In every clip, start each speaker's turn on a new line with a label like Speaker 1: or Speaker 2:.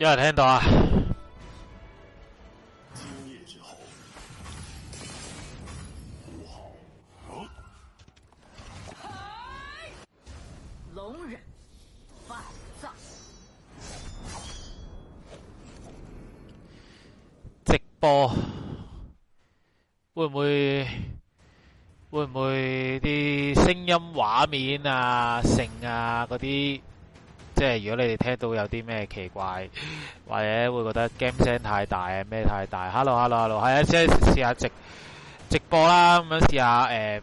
Speaker 1: 有人聽到
Speaker 2: 啊？龍人
Speaker 1: 直播會唔會會唔會啲聲音、畫面啊、成啊嗰啲？那些即係如果你哋聽到有啲咩奇怪，或者會覺得 game 聲太大啊咩太大，hello hello hello，係啊，即係試下直直播啦，咁樣試下誒、呃、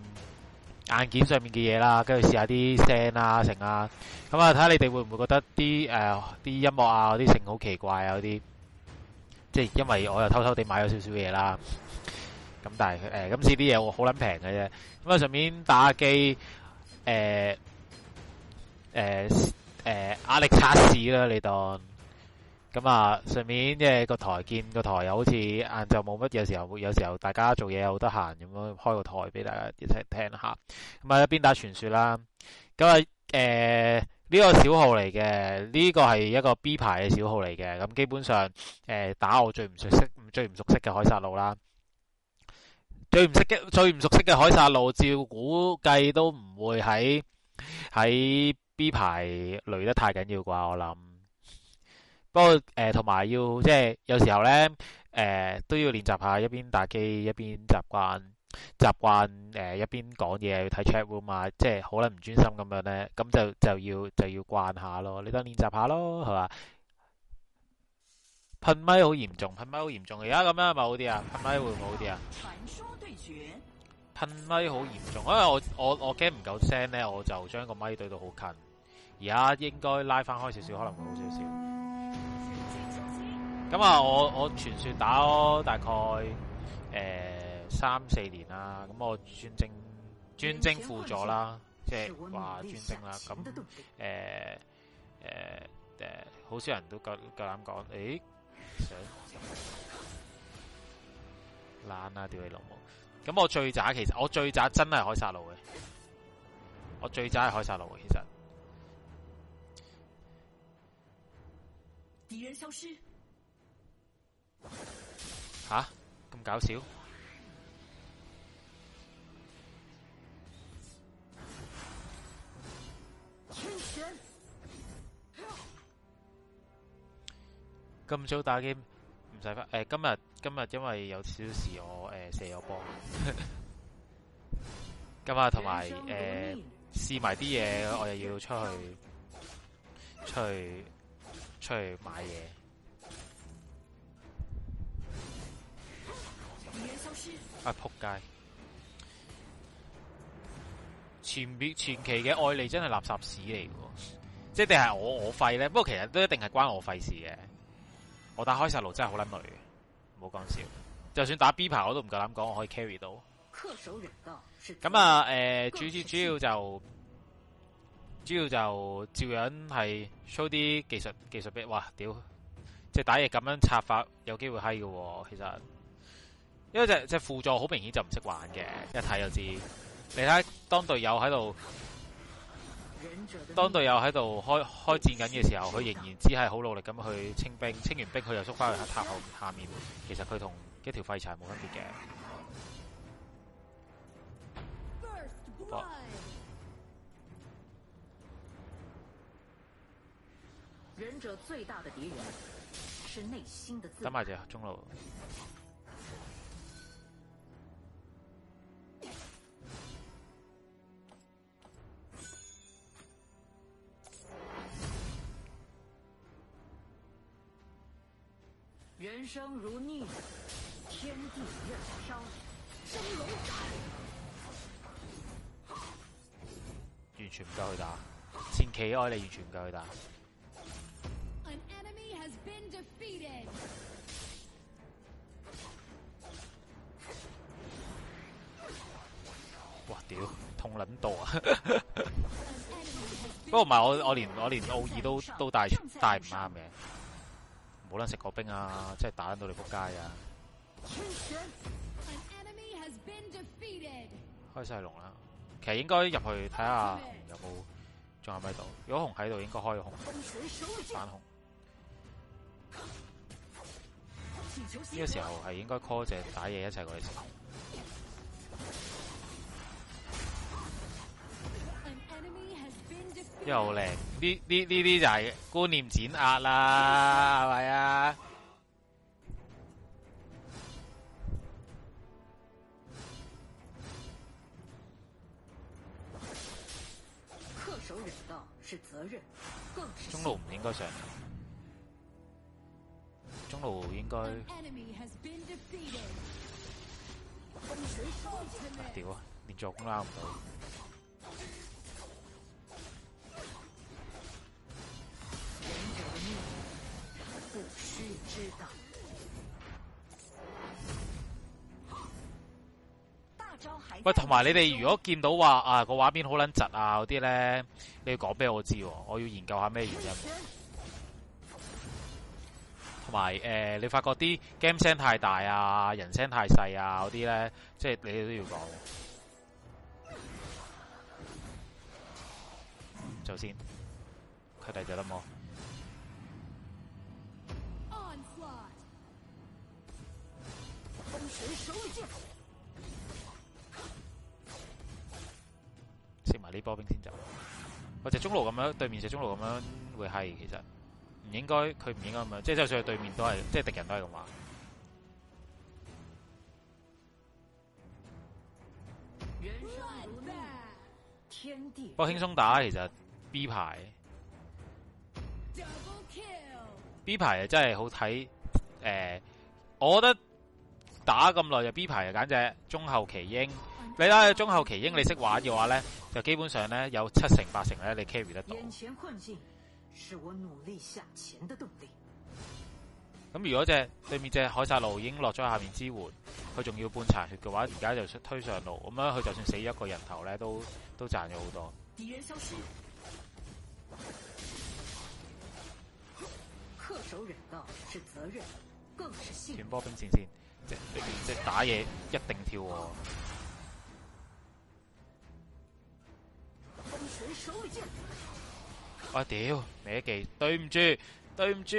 Speaker 1: 硬件上面嘅嘢啦，跟住試下啲聲啦成啊，咁啊睇下你哋會唔會覺得啲誒啲音樂啊嗰啲聲好奇怪啊嗰啲，即係因為我又偷偷地買咗少少嘢啦，咁但係咁、呃、今次啲嘢好撚平嘅啫，咁啊上面打機誒誒。呃呃誒、呃，壓力測試啦，你當咁啊，上面，即、呃、係個台見個台又好似晏晝冇乜嘢，有時候有時候大家做嘢好得閒咁樣開個台俾大家一齊聽，聽一下。咁啊，一邊打傳說啦？咁啊，誒、呃、呢、這個小號嚟嘅，呢、這個係一個 B 牌嘅小號嚟嘅。咁基本上誒、呃、打我最唔熟悉最唔熟悉嘅海沙路啦，最唔識嘅、最唔熟悉嘅海沙路，照估計都唔會喺喺。B 排累得太緊要啩，我諗。不過誒，同、呃、埋要即係有時候咧，誒、呃、都要練習下，一邊打機一邊習慣習慣誒一邊講嘢要睇 chat 會嘛，即係可能唔專心咁樣咧，咁就就要就要慣下咯。你等練習下咯，係嘛？噴咪好嚴重，噴咪好嚴重。而家咁樣係咪好啲啊？噴咪會唔會好啲啊？傳
Speaker 2: 說對決。
Speaker 1: 噴咪好嚴重，因為我我我驚唔夠聲咧，我就將個咪對到好近。而家應該拉翻開少少，可能會
Speaker 3: 好少少。咁啊，我
Speaker 1: 我傳說打大概誒三四年啦。咁我專精專、就是、精輔助啦，即係話專精啦。咁誒誒誒，好、呃呃、少人都夠夠膽講，誒想爛啊屌你老母！咁我最渣其實，我最渣真係海沙路嘅，我最渣係海沙路嘅其實。
Speaker 4: 敵
Speaker 1: 人消失。吓，咁搞笑。咁早打 game 唔使返。誒、呃，今日今日因為有少少事，我誒、呃、射咗波。今日同埋誒試埋啲嘢，我又要出去出去。出去買嘢、哎，啊撲街前！前別傳奇嘅艾莉真係垃圾屎嚟嘅，即係定係我我廢咧？不過其實都一定係關我廢事嘅。我打開晒路真係好卵累，唔好講笑。就算打 B 牌我都唔夠膽講我可以 carry 到。咁啊，誒，主要主要就。主要就照樣係 show 啲技術技術俾，哇屌！即係打嘢咁樣插法有機會嗨嘅。哦，其實因為隻隻輔助好明顯就唔識玩嘅，一睇就知。你睇當隊友喺度，當隊友喺度開開戰緊嘅時候，佢仍然只係好努力咁去清兵，清完兵佢又縮翻去塔後下面。其實佢同一條廢柴冇分別嘅。
Speaker 2: 忍者最大的敵人是內心
Speaker 1: 的自己。打馬姐中路
Speaker 5: 人生如逆天地任飄零。龍膽。
Speaker 1: 完全不夠去打，千祈愛你，完全不夠去打。嘩，屌痛卵到啊！不過唔係，我我連我連奧義都都帶帶唔啱嘅，冇卵食過兵啊！即係打得到你仆街啊！開晒龍啦，其實應該入去睇下有冇仲有喺度？如果紅喺度，應該開紅
Speaker 2: 反紅。呢、這個時候
Speaker 1: 係應該 c l l e 打野一齊過嚟食，又靚！呢呢呢啲就係觀念剪壓啦，係咪啊？中路唔應該上。中路應該屌啊，啊，面助攻都
Speaker 3: 唔
Speaker 2: 到。
Speaker 1: 喂，同埋你哋如果見到話啊個畫面好撚窒啊嗰啲咧，你要講俾我，我知，我要研究下咩原因。同埋誒，你發覺啲 game 聲太大啊，人聲太細啊，嗰啲咧，即係你哋都要講。首先，佢哋就得冇。食埋呢波兵先走。或者中路咁樣，對面食中路咁樣會係其實。唔應該，佢唔應該咁樣，即係就算佢對面都係，即係敵人都係咁話。
Speaker 3: 不過輕
Speaker 1: 鬆打其實 B 排，B 排真係好睇。誒、呃，我覺得打咁耐就 B 排，簡直中後期英，你睇中後期英，你識玩嘅話咧，就基本上咧有七成八成咧，你 carry 得
Speaker 3: 到。
Speaker 2: 是我努力向前的動力。
Speaker 1: 咁如果只對面隻海殺路已經落咗下面支援，佢仲要半殘血嘅話，而家就推上路，咁樣佢就算死一個人頭咧，都都賺咗好多。
Speaker 2: 敵人消失。
Speaker 1: 恪守忍道是責任，更是信。轉波兵線先，即係即係打野一定跳。風
Speaker 2: 旋手裏劍。
Speaker 1: 我屌，搣機，對唔住，對唔住，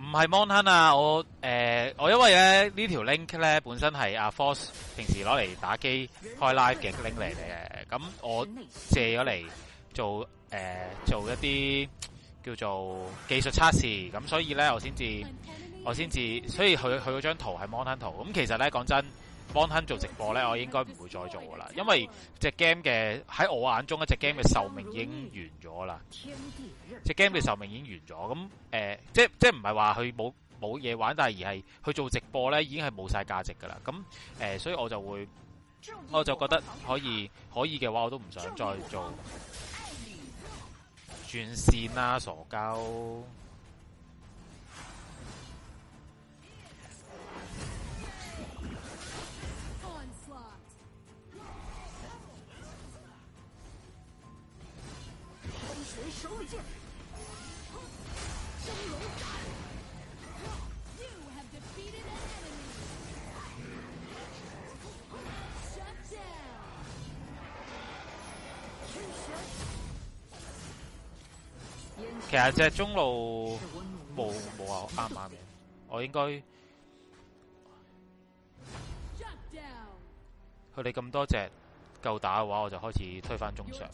Speaker 1: 唔係 Monhan 啊，我誒，我因為咧呢條 link 咧本身係阿 Fox 平時攞嚟打機開 live 嘅 link 嚟嘅，咁我借咗嚟做誒做一啲。叫做技術測試，咁所以呢，我先至，我先至，所以佢佢嗰張圖係 Monhan 圖，咁其實呢，講真，Monhan 做直播呢，我應該唔會再做噶啦，因為隻 game 嘅。喺我眼中一隻 game 嘅壽命已經完咗啦，隻 game 嘅壽命已經完咗。咁誒、呃，即係唔係話佢冇冇嘢玩，但係而係去做直播呢，已經係冇晒價值噶啦，咁誒、呃，所以我就會，我就覺得可以可以嘅話，我都唔想再做。轉線啦、啊，傻膠、
Speaker 2: 哦！
Speaker 1: 其實只中路冇冇話啱唔啱嘅，我應該
Speaker 5: 去咗
Speaker 1: 咁多隻。夠打嘅話，我就開始推翻中上。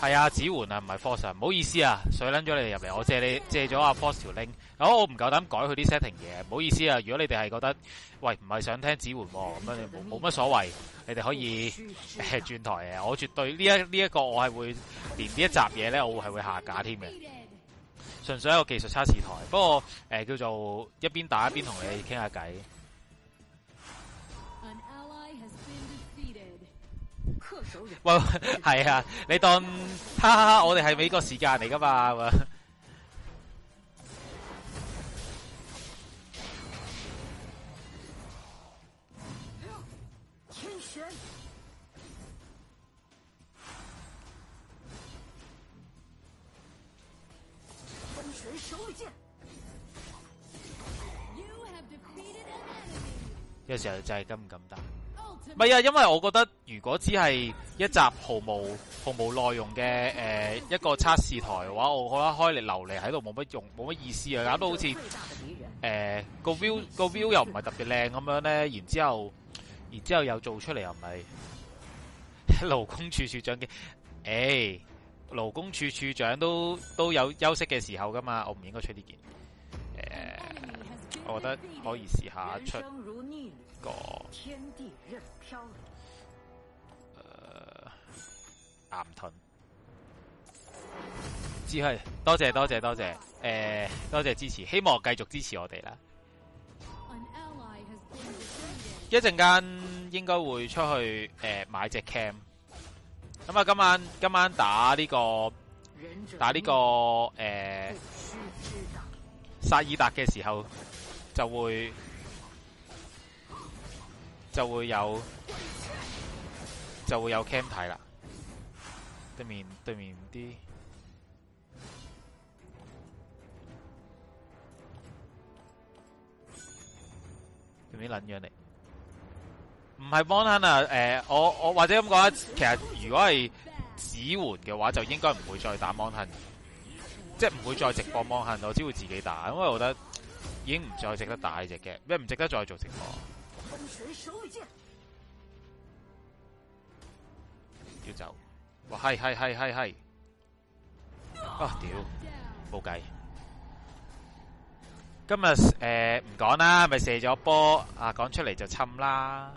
Speaker 1: 係啊，指桓啊，唔係 Force 啊，唔好意思啊，水捻咗你哋入嚟，我借你借咗阿、啊、Force 條 link、哦。我唔夠膽改佢啲 setting 嘢，唔好意思啊。如果你哋係覺得，喂，唔係想聽指桓咁樣，冇冇乜所謂，你哋可以誒轉、呃、台嘅、啊。我絕對呢一呢一個，我係會連呢一集嘢呢，我係會下架添嘅。純粹一個技術測試台，不過誒、呃、叫做一邊打一邊同你傾下偈。喂，係啊，你當哈哈哈，我哋係美國時間嚟噶嘛？
Speaker 3: 有
Speaker 5: 時候
Speaker 1: 就係咁咁打。唔係啊，因為我覺得如果只係一集毫無毫無內容嘅，誒、呃、一個測試台嘅話，我我開嚟流嚟喺度冇乜用，冇乜意思啊！搞到好似誒、呃、個 view 個 view 又唔係特別靚咁樣咧，然之後，然之後又做出嚟又唔係勞工處處長嘅，誒、欸、勞工處處長都都有休息嘅時候噶嘛，我唔應該出呢件。誒、呃，我覺得可以試下出。
Speaker 5: 個
Speaker 1: 天地任漂流，呃，岩吞，只係多謝多謝多謝，誒、呃，多謝支持，希望繼續支持我哋啦。一陣間應該會出去誒、呃、買隻 cam，咁啊今晚今晚打呢、這個打呢、這個誒薩爾達嘅時候就會。就會有就會有 cam 睇啦，對面對面啲對面撚樣嚟？唔係 Monhan 啊！誒，我我，我或者咁講，其實如果係指援嘅話，就應該唔會再打 Monhan，即係唔會再直播 Monhan，我只會自己打，因為我覺得已經唔再值得打呢隻嘅，咩唔值得再做直播。風水手語劍，要走，哇！係係係係係，啊屌，冇計，啊，今日誒唔講啦，咪射咗波啊！講出嚟就侵啦。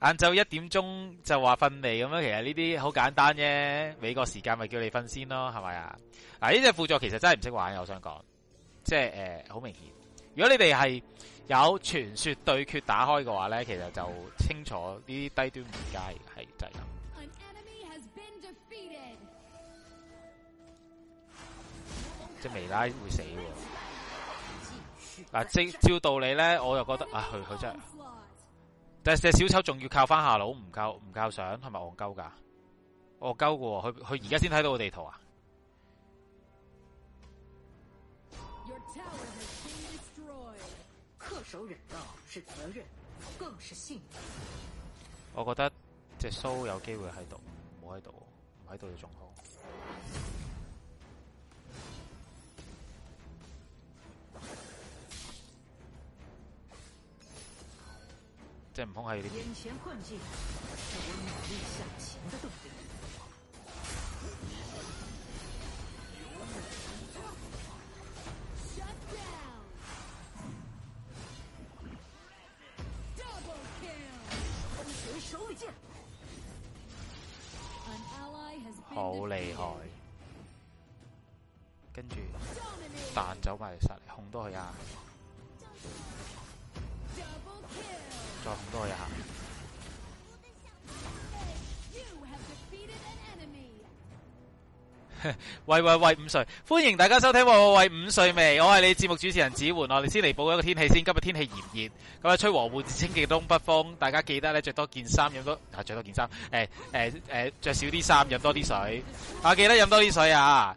Speaker 1: 晏晝一點鐘就話瞓未咁樣？其實呢啲好簡單啫，美國時間咪叫你瞓先咯，係咪啊？嗱，呢隻輔助其實真係唔識玩，我想講，即係誒，好、呃、明顯。如果你哋係有傳説對決打開嘅話咧，其實就清楚啲低端玩家係就係
Speaker 5: 咁，
Speaker 1: 即未拉會死喎。嗱，照照道理咧，我又覺得啊，佢佢真係，但係隻小丑仲要靠翻下腦，唔夠唔夠上，係咪戇鳩噶？戇鳩嘅喎，佢佢而家先睇到個地圖
Speaker 2: 啊！守忍道是責任，更是信
Speaker 1: 念。我覺得隻蘇有機會喺度，冇喺度，唔喺度就仲好。即係唔通係？好厲害，跟住彈走埋嚟實嚟哄多佢一下，再哄多佢一下。喂喂喂，午睡歡迎大家收聽喂喂，喂午睡未？我係你節目主持人子煥，我哋先嚟報一個天氣先。今日天氣炎熱，咁啊吹和緩清勁東北風。大家記得咧着多件衫，飲多啊着多件衫。誒誒誒着少啲衫，飲多啲水。啊記得飲多啲水啊，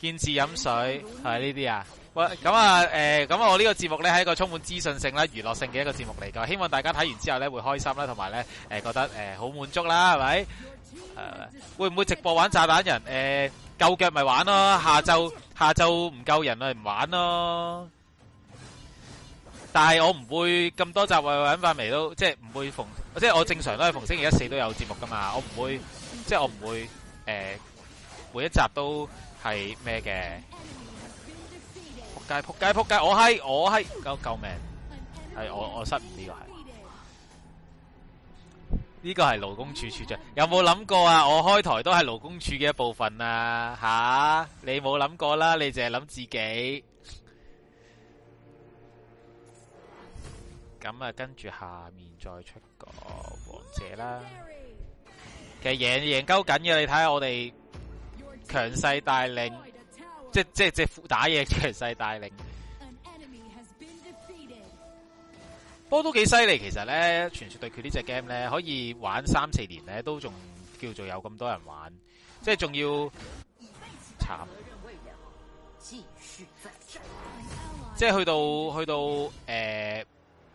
Speaker 1: 見字飲水係呢啲啊。喂咁啊誒咁、啊啊啊啊啊、我個節呢個節目咧係一個充滿資訊性啦、娛樂性嘅一個節目嚟噶，希望大家睇完之後咧會開心啦，同埋咧誒覺得誒好滿足啦，係咪？係、啊、會唔會直播玩炸彈人？誒、啊。夠腳咪玩咯，下晝下晝唔夠人啊，唔玩咯。但係我唔會咁多集玩翻嚟都，即係唔會逢，即係我正常都係逢星期一四都有節目噶嘛。我唔會，即係我唔會，誒，每一集都係咩嘅？仆街仆街仆街，我係我係，救救命，係我我失誤呢個係。呢個係勞工處處長，有冇諗過啊？我開台都係勞工處嘅一部分啊！吓，你冇諗過啦，你淨係諗自己。咁啊，跟住下面再出個王者啦。其實贏贏鳩緊嘅，你睇下我哋強勢帶領，即即即打嘢強勢帶領。波都幾犀利，其實咧，傳說對決呢隻 game 咧，可以玩三四年咧，都仲叫做有咁多人玩，即係仲要慘，即係去到去到誒、呃，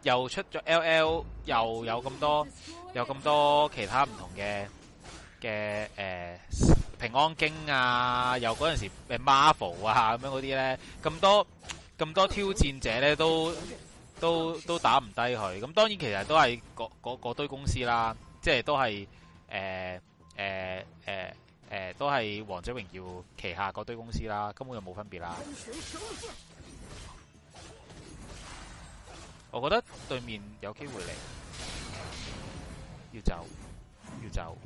Speaker 1: 又出咗 L.L.，又有咁多，有咁多其他唔同嘅嘅誒，平安京啊，又嗰陣時誒 Marvel 啊咁樣嗰啲咧，咁多咁多挑戰者咧都。都都打唔低佢，咁當然其實都係嗰嗰嗰堆公司啦，即係都係誒誒誒誒，都係《王者榮耀》旗下嗰堆公司啦，根本就冇分別啦。我覺得對面有機會嚟，要走要走，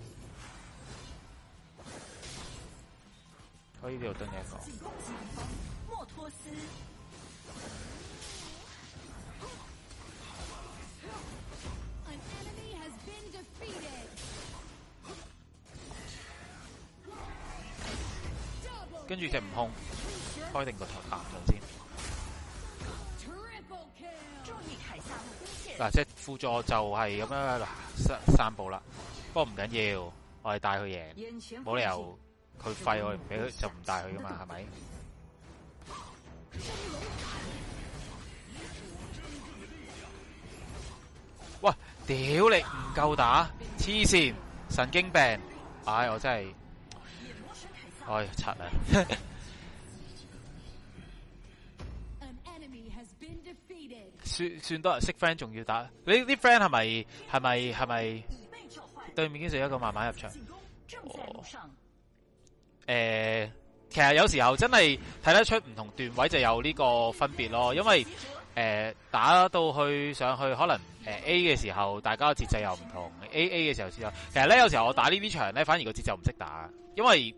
Speaker 1: 可以喺度蹲下個。跟住隻悟空開定個頭咗先，
Speaker 3: 嗱
Speaker 1: 隻輔助就係咁樣散散步啦，不過唔緊要，我係帶佢贏，冇理由佢廢我，唔俾佢就唔帶佢噶嘛，係咪？嘩，屌你唔夠打，黐線，神經病，唉、哎，我真係。哎，拆啊！ 算算多人識 friend，仲要打你啲 friend 係咪係咪係咪？是是是是是是，對面先成一個慢慢入場。哦呃、其實有時候真係睇得出唔同段位就有呢個分別咯。因為、呃、打到去上去，可能、呃、A 嘅時候，大家嘅節奏又唔同。A A 嘅時候先有。其實咧，有時候我打呢啲場咧，反而個節奏唔識打，因為。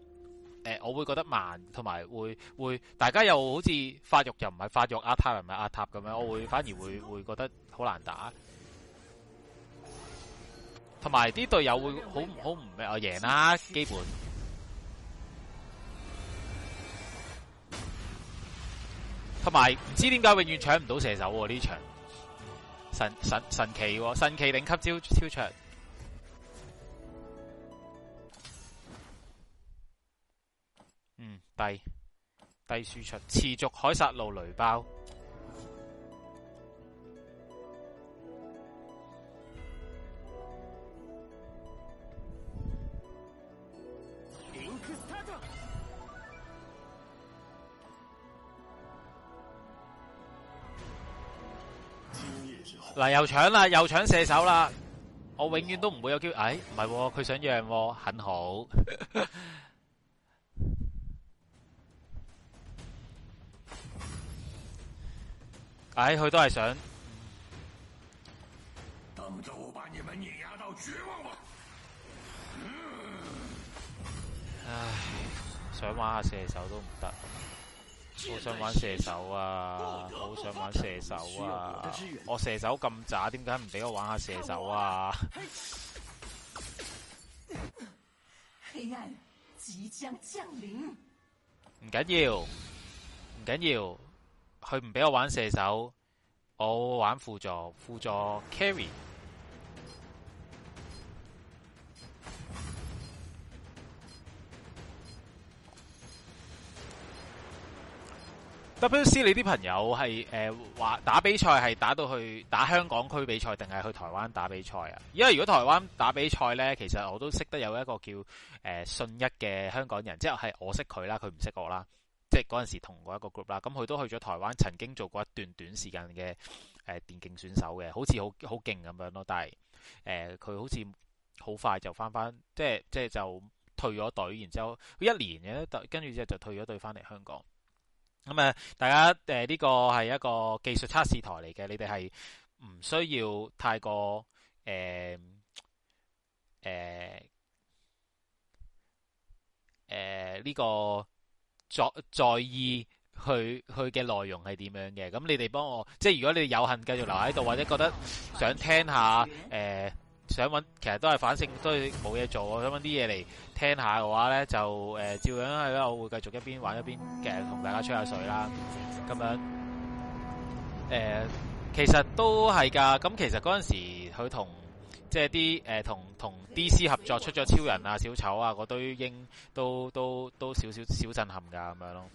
Speaker 1: 誒，我會覺得慢，同埋會會，大家又好似發育又唔係發育，壓、啊、塔又唔係壓塔咁樣、啊，我會反而會會覺得好難打，同埋啲隊友會好唔好唔畀我贏啦，基本，同埋唔知點解永遠搶唔到射手喎、啊，呢場神神神奇喎，神奇頂、啊、級超超長。第四場，持續海殺路雷包，嗱，又搶啦，又搶射手啦，我永遠都唔會有機會。哎，唔係喎，佢想讓喎，很好。 唉、哎，佢都係想。
Speaker 3: 等着我把你們碾壓到絕望吧。唉，
Speaker 1: 想玩下射手都唔得，好想玩射手啊，好想玩射手啊，我射手咁、啊、渣，點解唔俾我玩下射手啊？
Speaker 2: 黑暗即將降臨。唔
Speaker 1: 緊要，唔緊要。佢唔俾我玩射手，我玩輔助，輔助 carry。W C 你啲朋友係誒，話打比賽係打到去打香港區比賽，定係去台灣打比賽啊？因為如果台灣打比賽呢，其實我都識得有一個叫誒、呃、信一嘅香港人，即係我識佢啦，佢唔識我啦。即係嗰陣時同過一個 group 啦，咁佢都去咗台灣，曾經做過一段短時間嘅誒電競選手嘅，好似好好勁咁樣咯。但係誒佢好似好快就翻翻，即係即係就退咗隊，然之後佢一年嘅，跟住之後就退咗隊翻嚟香港。咁、嗯、啊，大家誒呢、呃呢個係一個技術測試台嚟嘅，你哋係唔需要太過誒誒誒呢個。在在意佢佢嘅內容係點樣嘅？咁你哋幫我，即係如果你哋有幸繼續留喺度，或者覺得想聽下，誒、呃、想揾，其實都係反正都係冇嘢做，想揾啲嘢嚟聽下嘅話咧，就誒、呃、照樣去啦，我會繼續一邊玩一邊，嘅同大家吹下水啦，咁樣誒、呃、其實都係㗎。咁其實嗰陣時佢同。即係啲誒，同同 DC 合作出咗超人啊、小丑啊嗰堆英，都都都少少少震撼噶咁樣咯。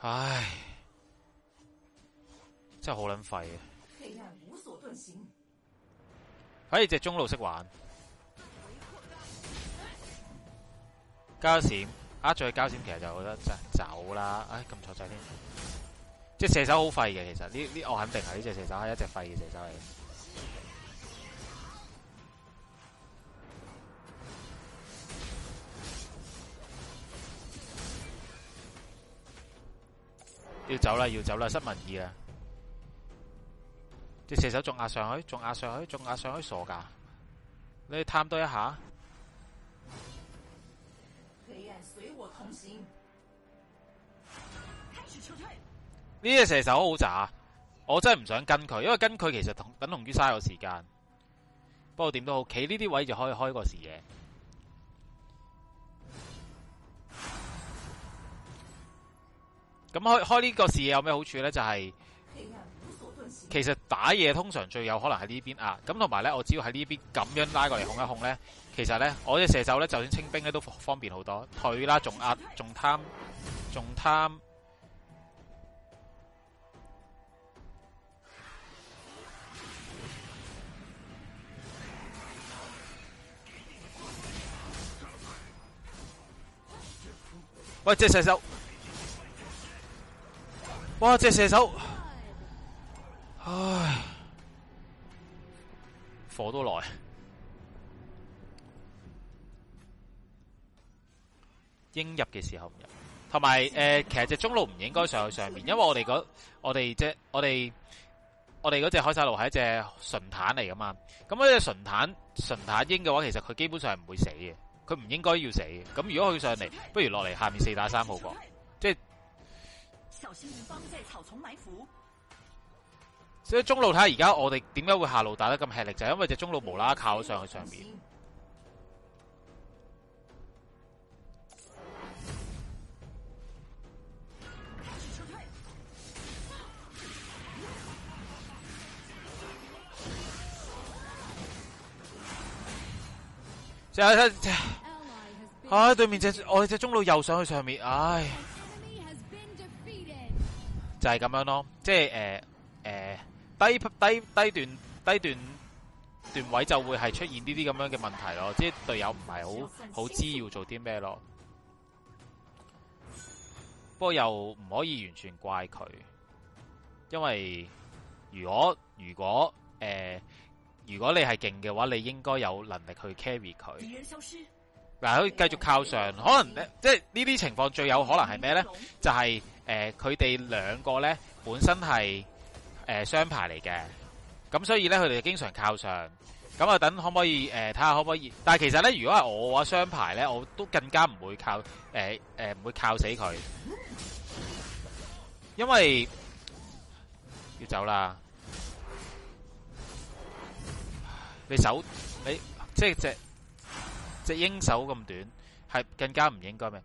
Speaker 3: 唉，
Speaker 1: 真係好捻廢啊！喺只中路識玩。.交閃呃咗去交閃其實就好得即走啦。唉，咁坐仔添，即係射手好廢嘅。其實呢呢，我肯定係呢隻射手係一隻廢射手嚟。要走啦，要走啦，失文意啊！隻射手仲壓上去，仲壓上去，仲壓上，上去，傻噶！你探多一下。呢隻射手好渣，我真係唔想跟佢，因為跟佢其實同等同於嘥我時間。不過點都好，企呢啲位就可以開個視野。咁開開呢個視野有咩好處呢？就係、
Speaker 3: 是、其
Speaker 1: 實打野通常最有可能喺呢邊啊。咁同埋呢，我只要喺呢邊咁樣拉過嚟，控一控呢。其實呢，我隻射手呢就算清兵呢都方便好多，退啦，仲壓，仲貪，仲貪。喂，隻射手！哇，隻射手！唉，火都來。應入嘅時候唔入，同埋誒，其實隻中路唔應該上去上面，因為我哋嗰我哋隻我哋我哋隻海鯊路係一隻純坦嚟噶嘛，咁嗰隻純坦純坦鷹嘅話，其實佢基本上係唔會死嘅，佢唔應該要死嘅，咁如果佢上嚟，不如落嚟下面四打三好過，即係。小心對
Speaker 3: 方
Speaker 2: 在草叢埋伏。
Speaker 1: 所以中路睇下而家我哋點解會下路打得咁吃力，就係因為隻中路無啦，靠上去上面，就係，唉，對面隻我哋隻中路又上去上面，唉，
Speaker 5: 就
Speaker 1: 係咁樣咯，即係誒誒低低低段低段段位就會係出現呢啲咁樣嘅問題咯，即係隊友唔係好好知要做啲咩咯，不過又唔可以完全怪佢，因為如果如果誒。呃如果你係勁嘅話，你應該有能力去 carry 佢。嗱，可以繼續靠上，可能咧，即係呢啲情況最有可能係咩咧？就係、係、誒，佢哋兩個咧本身係誒雙排嚟嘅，咁所以咧佢哋就經常靠上。咁啊，等可唔可以誒睇下可唔可以？但係其實咧，如果係我嘅話，雙排咧，我都更加唔會靠誒誒唔會靠死佢，因為要走啦。你手你即係只只英手咁短，係更加唔應該咩？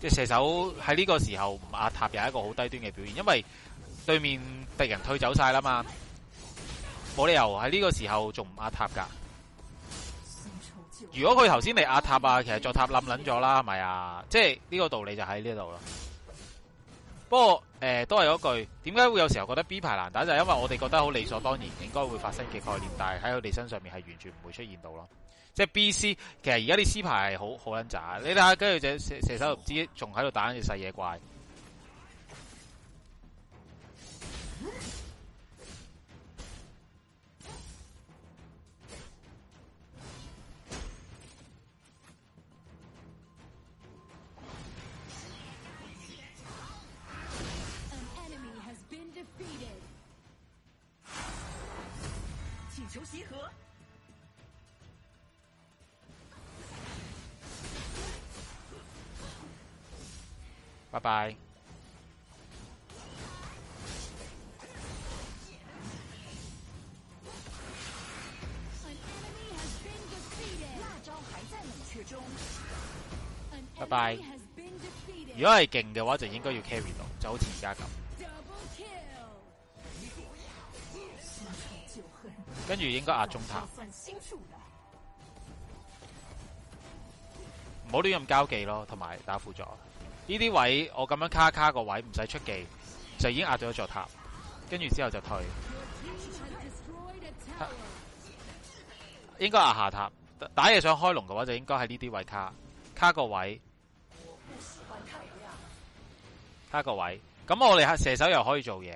Speaker 5: 即係
Speaker 3: been...
Speaker 1: 射手喺呢個時候唔壓塔，又係一個好低端嘅表現，因為對面敵人退走晒啦嘛，冇理由喺呢個時候仲唔壓塔噶。
Speaker 3: 如果佢
Speaker 1: 頭先嚟壓塔啊，其實座塔冧捻咗啦，係咪啊？即係呢、這個道理就喺呢度啦。不過，誒都係有句，點解會有時候覺得 B 牌難打，就係因為我哋覺得好理所當然應該會發生嘅概念，但係喺佢哋身上面係完全唔會出現到咯。即係 B、C，其實而家啲 C 牌係好好撚渣。你睇下跟住隻射射手唔知仲喺度打緊隻細野怪。拜拜。拜拜。如果係勁嘅話，就應該要 carry 囉，就好似而家咁。
Speaker 5: 跟住應該壓中塔。
Speaker 1: 唔好亂咁交技咯，同埋打輔助。呢啲位我咁樣卡卡個位唔使出技，就已經壓咗座塔，跟住之後就退。應該壓下塔。打野想開龍嘅話，就應該喺呢啲位卡卡個位，卡
Speaker 5: 個位，
Speaker 1: 卡個位。咁我哋射手又可以做嘢、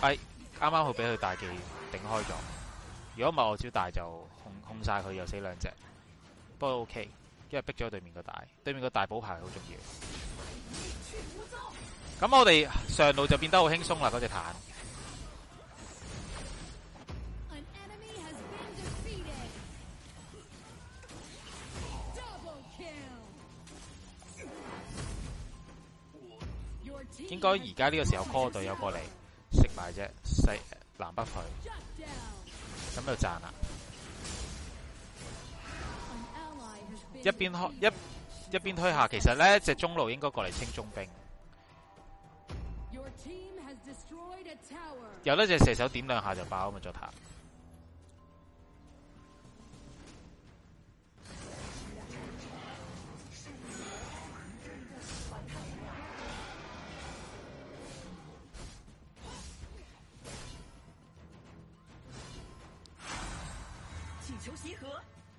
Speaker 1: 哎。係啱啱好俾佢大技頂開咗。如果唔係我招大就控控曬佢又死兩隻。都 OK，因為逼咗對面個大，對面個大寶牌好重
Speaker 3: 要的。
Speaker 1: 咁我哋上路就變得好輕鬆啦，嗰隻彈。應該而家呢個時候 call, call 隊友過嚟，食埋隻西南北腿，咁就賺啦。一邊開一一邊推一下，其實呢隻中路應該過嚟清中兵，
Speaker 5: 有
Speaker 1: 得隻射手點兩下就爆啊嘛，再
Speaker 4: 談。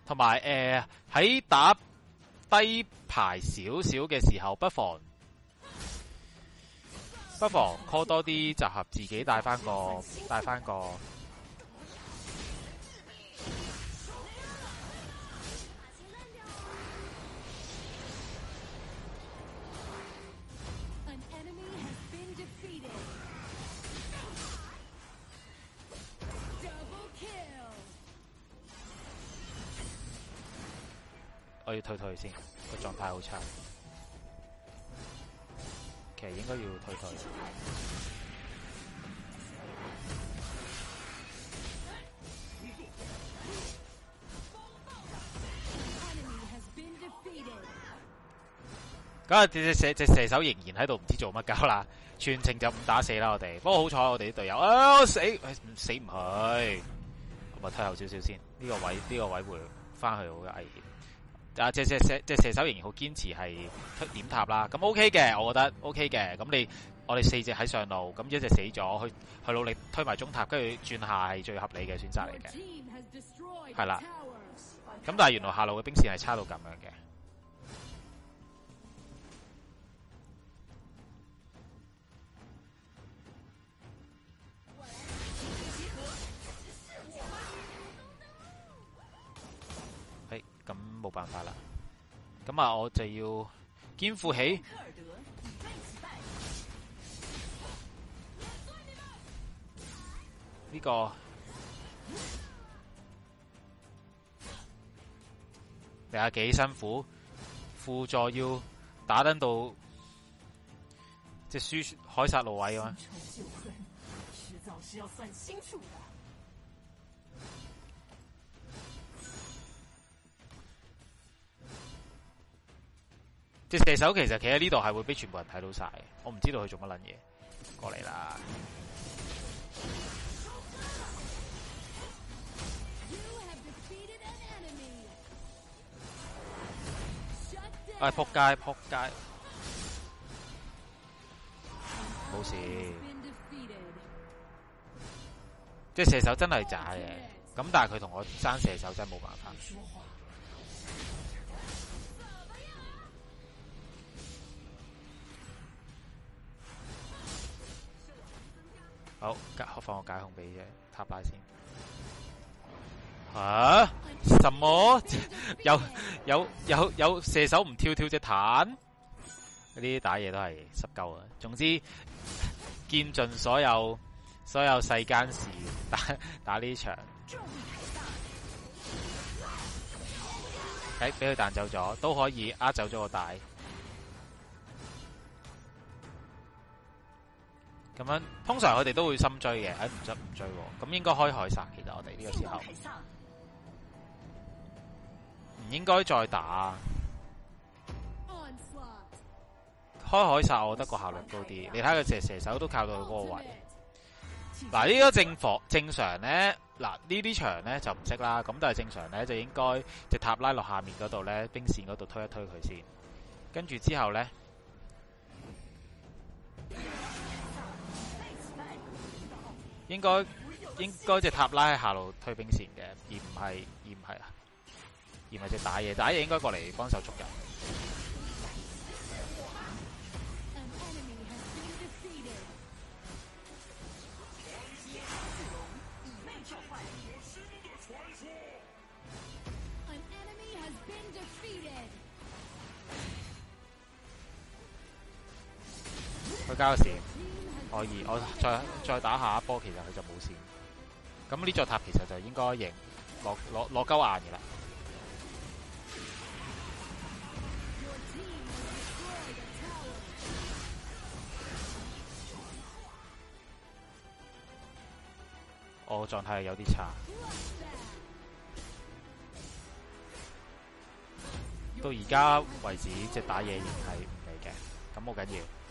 Speaker 1: 同埋誒。喺打低排少少嘅時候，不妨不妨 call 多啲，集合自己帶翻個帶翻個。我要退退先，個狀態好差，其實應該要退退。咁啊隻射隻射手仍然喺度唔知做乜搞啦，全程就五打四啦我哋。我啊、不過好彩我哋啲隊友啊死死唔去，咁啊退後少少先。呢、這個位呢、這個位會翻去好危險。啊！隻隻射隻射手仍然好堅持係推點塔啦，咁 OK 嘅，我覺得 OK 嘅。咁你我哋四隻喺上路，咁一隻死咗，去去努力推埋中塔，跟住轉下係最合理嘅選擇嚟嘅，
Speaker 3: 係啦。咁但
Speaker 1: 係原來下路嘅兵線係差到咁樣嘅。冇辦法啦，咁啊我就要肩負起呢、這個，你下幾辛苦，輔助要打登到即係輸海殺路位啊。隻射手其實企喺呢度係會俾全部人睇到晒，我唔知道佢做乜撚嘢，過嚟啦、哎！哎，扑街，扑街，冇事。隻射手真係渣嘅，咁但係佢同我爭射手真係冇辦法。好，放我解控俾佢，塔擺先。吓、啊？什麼？有有有有射手唔跳跳隻彈？呢啲打嘢都係濕鳩啊！總之，見盡所有所有世間事，打打呢場。哎、欸，俾佢彈走咗，都可以呃走咗個大。咁樣通常佢哋都會心追嘅，唔執唔追，哦，咁應該開海殺。其實我哋呢個時候唔應該再打。開海殺，我覺得個效率高啲。你睇佢射射手都靠到嗰個位。
Speaker 3: 嗱，
Speaker 1: 呢個正正常呢，嗱呢啲場呢就唔識啦。咁但係正常呢，就應該隻塔拉落下面嗰度呢，兵線嗰度推一推佢先，跟住之後呢。應該應該隻塔拉，喺下路推兵線嘅，而唔係而唔係啊，而唔係隻打野，打野應該過嚟幫手捉人，去交
Speaker 5: 錢。
Speaker 1: 可以，我再再打下一波，其實佢就冇線。咁呢座塔其實就應該贏，落落落鳩硬嘅啦。我狀態有啲差，到而家為止，即係打野形唔理嘅，咁好緊要。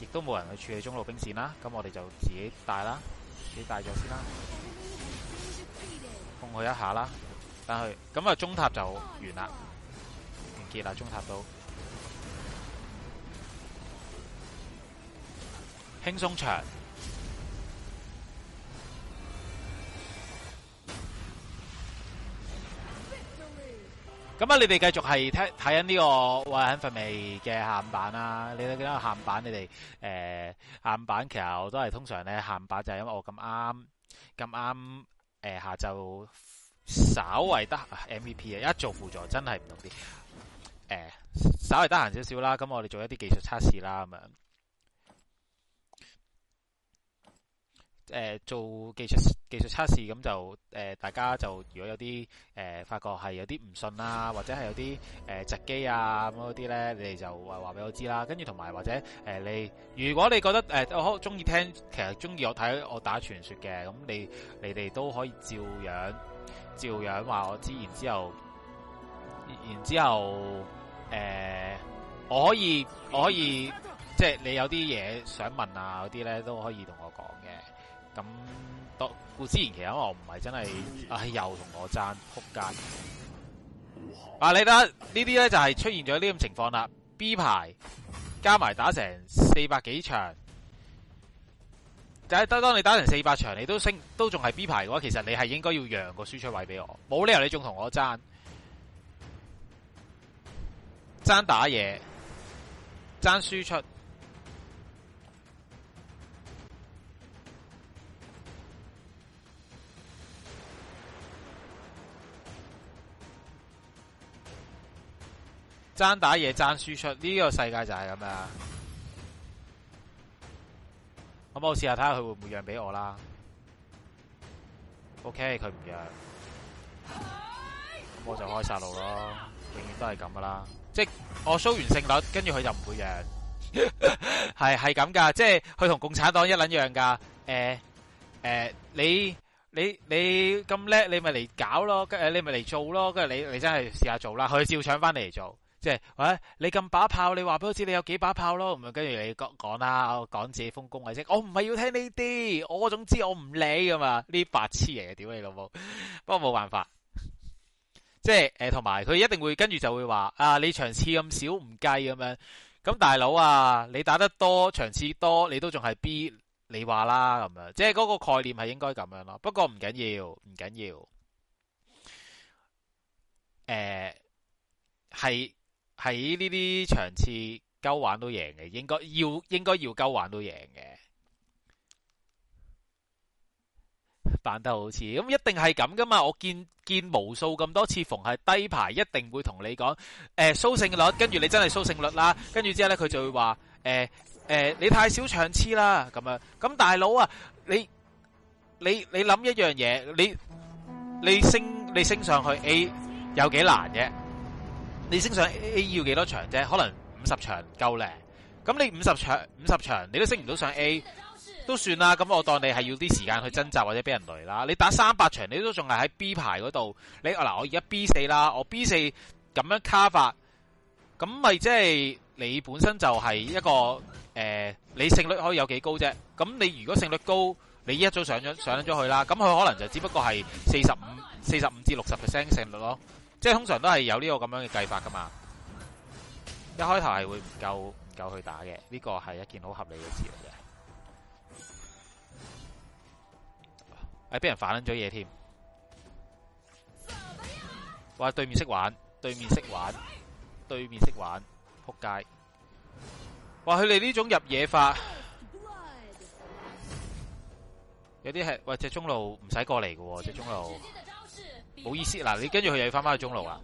Speaker 1: 亦都冇人去處理中路兵線啦，咁我哋就自己帶啦，自己帶咗先啦，控佢一下啦，但係，咁啊中塔就完啦，完結啦，中塔都輕鬆場。咁、嗯、啊！你哋繼續係睇睇緊呢個喂粉味嘅下午版啦。你都記得下午版，你哋誒、呃、下午版其實我都係通常咧，下午版就係因為我咁啱咁啱，誒下晝稍為得 MVP 啊！一做輔助真係唔同啲誒、呃，稍微得閒少少啦。咁、嗯、我哋做一啲技術測試啦咁樣。誒、呃、做技術技術測試咁就誒、呃，大家就如果有啲誒、呃、發覺係有啲唔信啊，或者係有啲誒窒機啊咁嗰啲咧，你哋就話話俾我知啦。跟住同埋或者誒、呃，你如果你覺得誒、呃、我好中意聽，其實中意我睇我打傳說嘅，咁你你哋都可以照樣照樣話我知，然之後然之後誒、呃，我可以我可以即係、就是、你有啲嘢想問啊嗰啲咧，都可以同我講嘅。咁當故之前其實我唔係真係，唉、哎，又同我爭扑街。啊，你得呢啲咧就係、是、出現咗呢種情況啦。B 排加埋打成四百幾場，就係、是、當當你打成四百場，你都升都仲係 B 排嘅話，其實你係應該要讓個輸出位俾我，冇理由你仲同我爭，爭打嘢，爭輸出。爭打嘢、爭輸出呢個世界就係咁啊！咁我試下睇下佢會唔會讓俾我啦？OK，佢唔讓，咁我就開殺路咯，永遠都係咁噶啦。即係我 show 完勝率，跟住佢就唔會讓， 係係咁噶。即係佢同共產黨一撚樣噶。誒、呃、誒、呃，你你你咁叻，你咪嚟搞咯，跟誒你咪嚟做咯，跟住你你,你真係試下做啦。佢照搶翻嚟做。即喂，你咁把炮，你話俾我知你有幾把炮咯，咁跟住你講啦，講自己豐功偉績。我唔係要聽呢啲，我總之我唔理噶嘛，呢啲白痴嚟嘅，屌你老母！不過冇辦法，即係誒，同埋佢一定會跟住就會話啊，你場次咁少唔計，咁樣，咁大佬啊，你打得多場次多，你都仲係 B，你話啦咁樣，即係嗰、嗰個概念係應該咁樣咯。不過唔緊要，唔緊要，誒、呃、係。喺呢啲場次，溝玩都贏嘅，應該要應該要溝玩都贏嘅，扮得好似咁，一定係咁噶嘛？我見見無數咁多次，逢係低牌，一定會同你講，誒、呃，輸勝率，跟住你真係輸勝率啦，跟住之後咧，佢就會話，誒、呃、誒、呃，你太少場次啦，咁樣，咁大佬啊，你你你諗一樣嘢，你你，你，你升你升上去，你有幾難啫？你升上 A, A 要幾多場啫？可能五十場夠咧。咁你五十場五十場，場，你都升唔到上 A，都算啦。咁我當你係要啲時間去掙扎或者俾人雷啦。你打三百場，你都仲係喺 B 排嗰度。你嗱，我而家 B 四啦，我 B 四咁樣卡法，咁咪即係你本身就係一個誒、呃，你勝率可以有幾高啫？咁你如果勝率高，你一早上咗上咗去啦。咁佢可能就只不過係四十五、四十五至六十 percent 勝率咯。即係通常都係有呢個咁樣嘅計法噶嘛，一開頭係會唔夠唔夠去打嘅，呢個係一件好合理嘅事嚟、啊、嘅、哎。誒，俾人反撚咗嘢添，話對面識玩，對面識玩，對面識玩，撲街。話佢哋呢種入野法，有啲係喂，隻中路唔使過嚟㗎喎，隻中路。冇意思，嗱你跟住佢又要翻返去中路啊！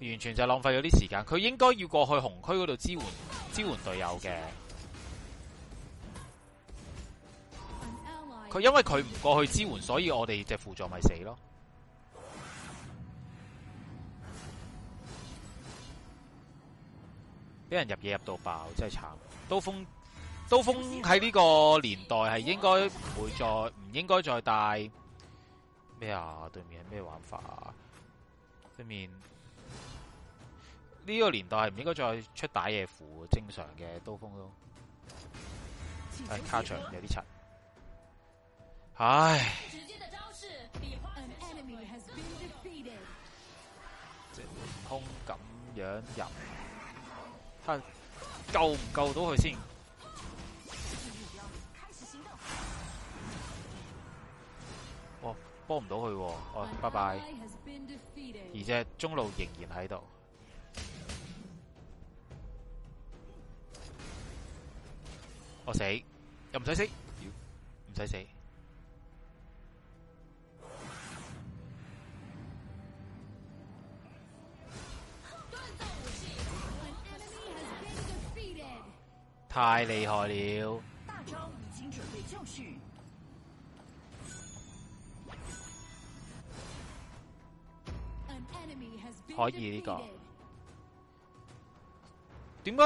Speaker 1: 完全就係浪費咗啲時間，佢應該要過去紅區嗰度支援支援隊友嘅。佢因為佢唔過去支援，所以我哋隻輔助咪死咯。俾人入嘢入到爆，真係慘！刀鋒刀鋒喺呢個年代係應該唔會再唔應該再帶。咩啊？對面係咩玩法啊？對面呢個年代唔應該再出打野符，正常嘅刀鋒咯。卡牆有啲塵，唉！
Speaker 3: 孫
Speaker 1: 悟空咁樣入，吓夠唔夠到佢先？幫唔到佢喎，我拜拜。
Speaker 5: 而且
Speaker 1: 中路仍然喺度，哦，我死又唔使死，唔使死，死太厲害了。可以呢個？點解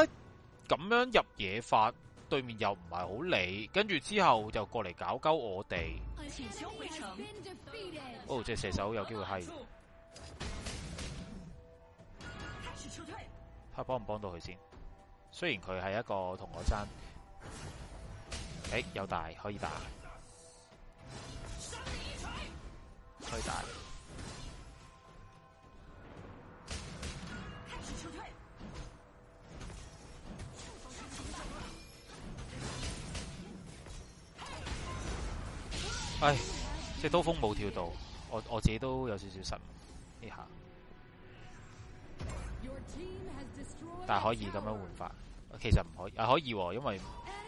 Speaker 1: 咁樣入野法？對面又唔係好理，跟住之後就過嚟搞鳩我哋。
Speaker 5: 哦，隻射手有機會係。睇
Speaker 1: 下幫唔幫到佢先。雖然佢係一個同我爭、哎。誒，有大可以大。可以大。唉，即係刀鋒冇跳到，我我自己都有少少失望呢下，
Speaker 5: 但係可以
Speaker 1: 咁樣換法，其實唔可以，以、啊，可以、哦，因為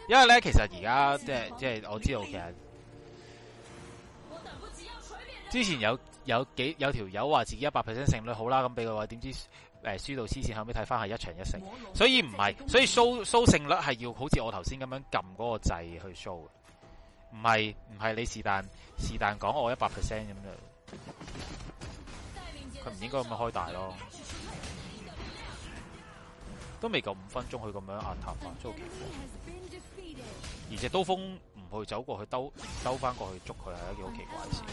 Speaker 1: 因為咧，其實而家即係即係我知道其實之前有有幾有條友話自己一百 percent 勝率好啦，咁俾佢話點知誒輸、呃、到黐線，後尾睇翻係一場一勝，所以唔係，所以 show show 勝率係要好似我頭先咁樣撳嗰個掣去 show。唔係唔係，你是但是但講我一百 percent 咁樣。佢唔、哦、應該咁樣開大咯，都未夠五分鐘去咁樣硬塔化，真係好奇
Speaker 5: 怪。而
Speaker 1: 且刀鋒唔去走過去兜兜翻過去捉佢係一件好奇怪嘅事、啊。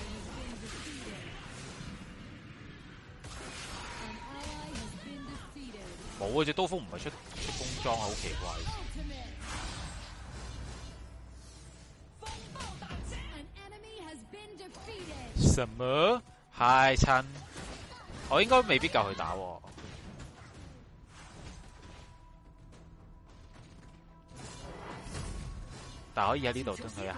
Speaker 1: 冇，即係刀鋒唔係出出攻裝，好奇怪。什麼？係趁我應該未必夠佢打，但可以喺呢度等佢一下。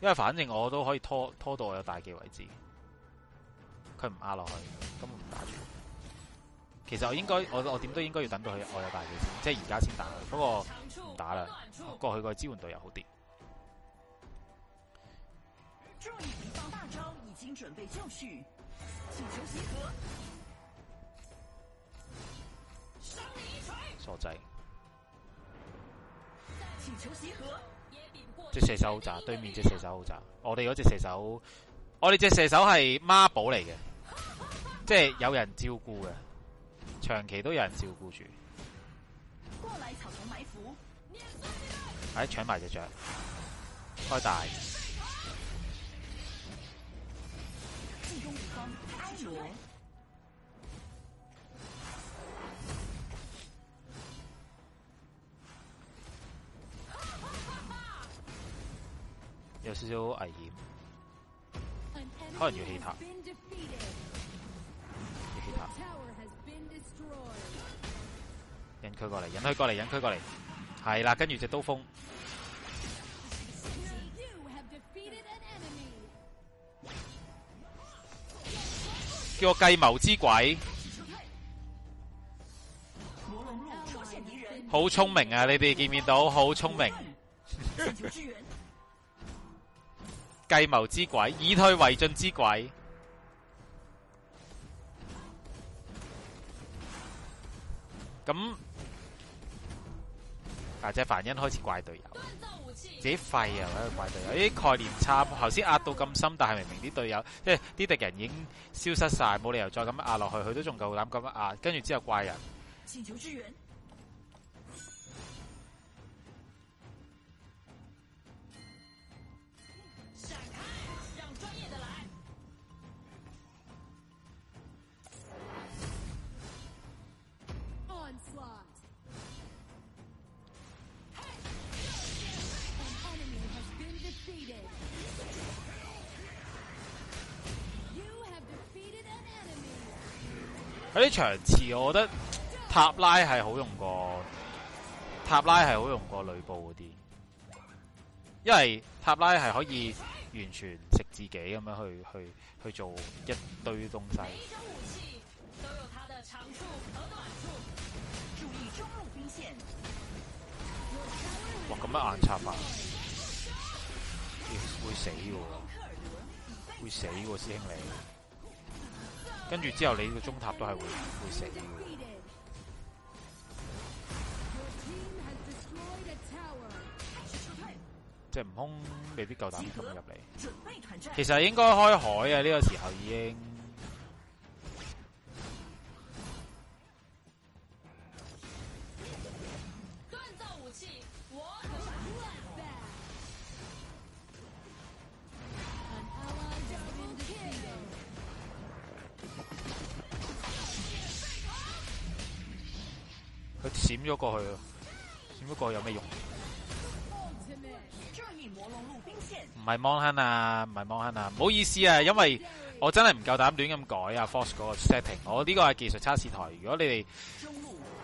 Speaker 1: 因為反正我都可以拖拖到我有大技為止。佢唔壓落去，咁唔打住。其實我應該，我我點都應該要等到佢我有大技先，即係而家先打的。不過唔打啦，過去個支援隊友好啲。
Speaker 2: 注意，敵方大招已經準備就緒，請求集合。
Speaker 1: 雙鯉一錘，傻仔。
Speaker 4: 請求集合。也
Speaker 1: 隻射手好渣，對面隻射手好渣，我哋嗰隻射手，我哋隻射手係媽寶嚟嘅，即係有人照顧嘅，長期都有人照顧住。
Speaker 2: 過嚟草叢埋伏。
Speaker 1: 哎，搶埋隻雀，開大。最終有少少危險，
Speaker 5: 可能要棄塔，
Speaker 1: 棄塔，引佢過嚟，引佢過嚟，引佢過嚟，係啦，跟住隻刀鋒。個計謀之鬼，好聰明啊！你哋見唔見到好聰明，計謀之鬼，以退為進之鬼，咁，大姐凡恩開始怪隊友。自己廢啊！嗰個怪隊友啲概念差，頭先壓到咁深，但係明明啲隊友即係啲敵人已經消失晒，冇理由再咁壓落去，佢都仲夠膽咁壓，跟住之後怪人。請
Speaker 2: 求支援。
Speaker 1: 佢啲場次，我覺得塔拉係好用過塔拉係好用過呂布嗰啲，因為塔拉係可以完全食自己咁樣去去去做一堆東西。哇！咁樣硬插法，點會死㗎？會死㗎？師兄你？跟住之後，你個中塔都係會會死。即係悟空未必
Speaker 5: 夠
Speaker 3: 膽
Speaker 1: 入嚟。其實應該開海呀，呢個時候已經。轉咗過去，轉咗過去有咩用？唔係 mon 坑啊，唔係 mon 坑啊！唔好意思啊，因為我真係唔夠膽亂咁改啊 force 嗰個 setting。我呢個係技術測試台，如果你哋誒、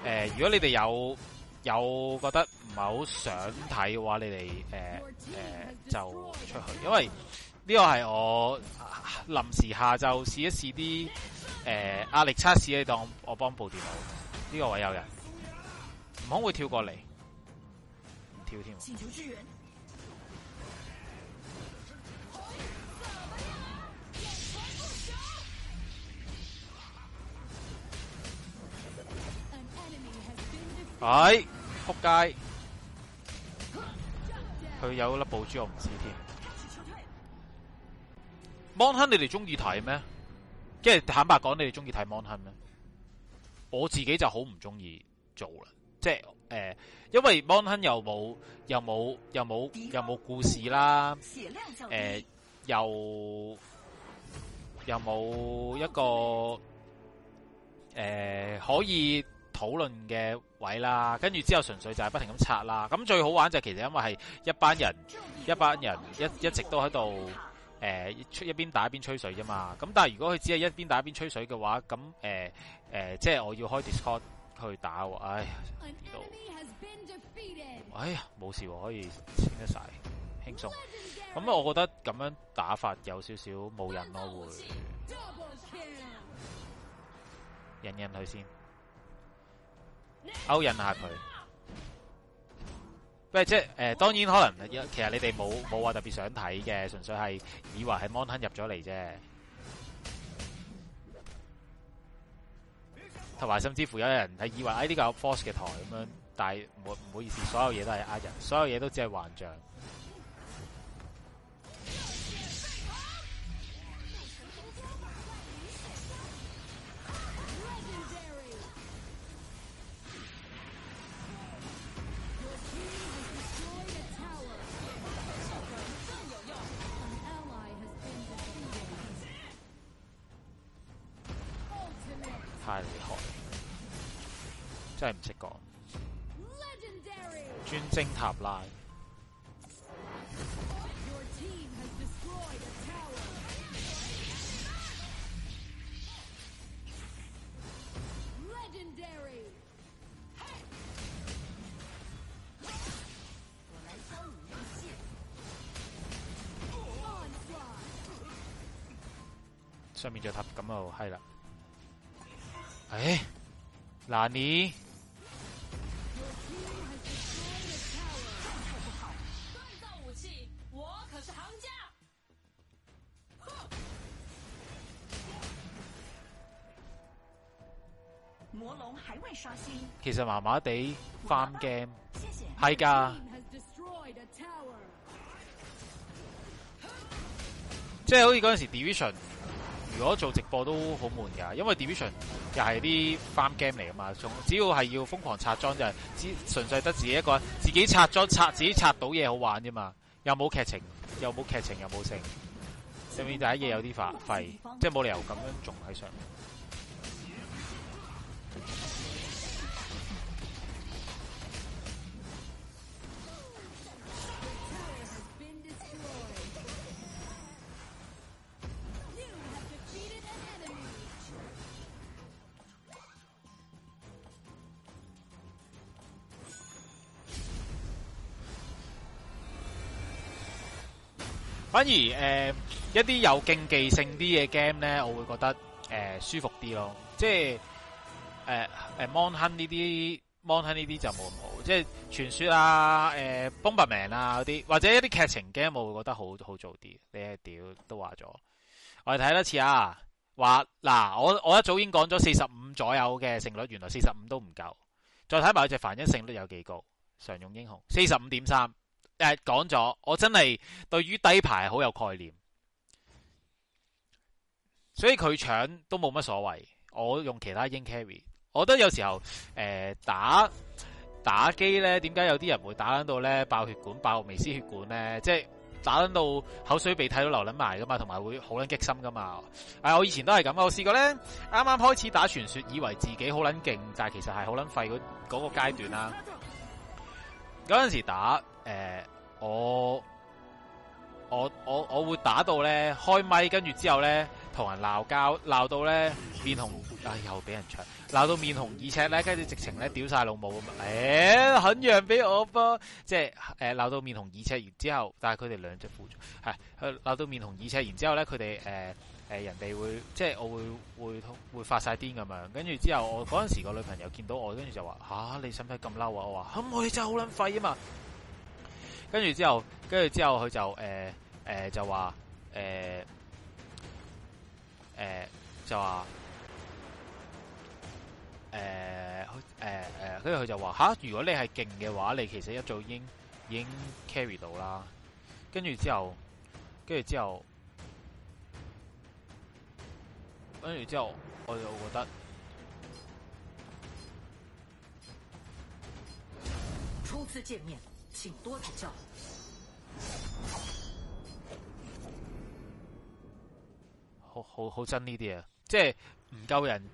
Speaker 1: 呃，如果你哋有有覺得唔係好想睇嘅話，你哋誒誒就出去，因為呢個係我臨、啊、時下晝試一試啲誒壓力測試喺當我幫部電腦呢、這個位有人。唔好會跳過嚟，跳添。唉，扑街！佢有粒寶珠，我唔知添。Monhan 你哋中意睇咩？即係坦白講，你哋中意睇 Monhan 咩？我自己就好唔中意做啦。即誒、呃，因為 Mon Han 又冇又冇又冇又冇故事啦，誒、呃、又又冇一個誒、呃、可以討論嘅位啦，跟住之後純粹就係不停咁拆啦。咁最好玩就係其實因為係一班人，人一班人一一直都喺度誒吹一邊打一邊吹水啫嘛。咁但係如果佢只係一邊打一邊吹水嘅話，咁誒誒即係我要開 Discord。去打喎，哎呀，
Speaker 5: 到，哎呀，
Speaker 1: 冇事喎，可以清一晒，輕鬆。咁、嗯、啊，我覺得咁樣打法有少少冇人咯，會，引引佢先，勾引下佢。喂，即係誒、呃，當然可能，其實你哋冇冇話特別想睇嘅，純粹係以為係 Monhan 入咗嚟啫。同埋甚至乎有人係以為，呢個有 force 嘅台咁樣，但係冇唔好意思，所有嘢都係呃人，所有嘢都只係幻象。上面就塌咁就係啦。哎，哪裏？其實麻麻地翻 game 係噶，即係、 就是、好似嗰陣時 Division。如果做直播都好悶㗎，因為 division 又係啲 farm game 嚟㗎嘛，仲只要係要瘋狂拆裝就係，只純粹得自己一個人，自己拆裝拆自己拆到嘢好玩啫嘛，又冇劇情，又冇劇情又冇成，上邊第一嘢有啲廢，即係冇理由咁樣仲喺上面。反而誒、呃，一啲有競技性啲嘅 game 咧，我會覺得誒、呃、舒服啲咯。即係誒誒，mon 亨呢啲 mon 亨呢啲就冇咁好。即係傳說啊，誒、呃、，Bomberman 啊啲，或者一啲劇情 game，我會覺得好好做啲。你一屌都話咗，我哋睇多次啊，話嗱，我我一早已經講咗四十五左右嘅勝率，原來四十五都唔夠。再睇埋只凡一勝率有幾高，常用英雄四十五點三。45.3誒，講咗，我真係對於底牌好有概念，所以佢搶都冇乜所謂。我用其他英 carry，我覺得有時候誒、呃、打打機呢點解有啲人會打捻到呢爆血管、爆微絲血管呢？即係打捻到口水鼻鼻、鼻涕都流捻埋噶嘛，同埋會好捻激心噶嘛？誒，我以前都係咁，我試過呢啱啱開始打傳說，以為自己好捻勁，但係其實係好捻廢嗰個個階段啦、啊。嗰陣時打。誒、呃，我我我我會打到咧，開咪，跟住之後咧，同人鬧交，鬧到咧面紅，唉、哎、又俾人搶，鬧到面紅耳赤咧，跟住直情咧屌晒老母咁啊！誒、哎，肯讓俾我噃？即係誒，鬧、呃、到面紅耳赤，然之後但係佢哋兩隻褲，係、哎、鬧到面紅耳赤，然之後咧佢哋誒誒，人哋會即係我會會會，會發晒癲咁樣，跟住之後我嗰陣時個女朋友見到我，跟住就話吓、啊，你使唔使咁嬲啊？我話唔係，你真係好撚廢啊嘛！跟住之後，跟住之後佢就誒誒、呃呃、就話誒誒就話誒誒誒，跟住佢就話吓，如果你係勁嘅話，你其實一早已經已經 carry 到啦。跟住之後，跟住之後，跟住之後，我就覺得初次見面。請多指教，好好好憎呢啲啊！即係唔夠人，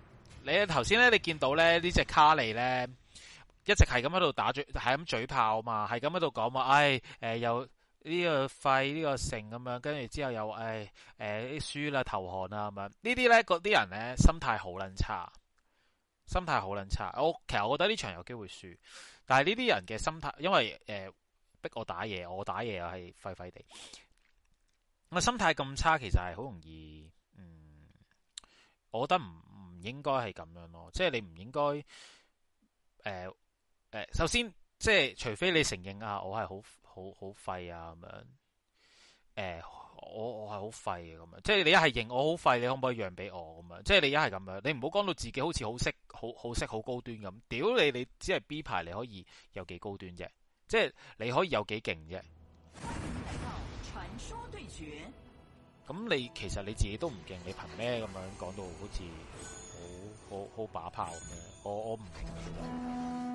Speaker 1: 你頭先咧，你見到咧呢隻卡利咧，一直係咁喺度打嘴，係咁嘴炮嘛，係咁喺度講嘛，唉、哎，誒、呃、又呢個肺，呢個勝咁樣，跟住之後又唉，誒啲輸啦，投降啊咁樣，呢啲咧嗰啲人咧心態好撚差，心態好撚差，我其實我覺得呢場有機會輸。但係呢啲人嘅心態，因為誒逼我打嘢，我打嘢又係廢廢地，我心態咁差，其實係好容易，
Speaker 3: 嗯，
Speaker 1: 我覺得唔唔應該係咁樣咯，即係你唔應該誒誒，首先即係除非你承認啊，我係好好好廢啊咁樣誒。呃我我係好廢嘅咁啊，即係你一係認我好廢，你可唔可以讓俾我咁啊？即係你一係咁樣，你唔好講到自己好似好識、好好識好高端咁。屌你你只係 B 牌，你可以有幾高端啫？即係你可以有幾勁啫？
Speaker 2: 歡迎來到傳說對決。
Speaker 1: 咁你其實你自己都唔勁，你憑咩咁樣講到好似好好好把炮咁啊？我我唔明啊。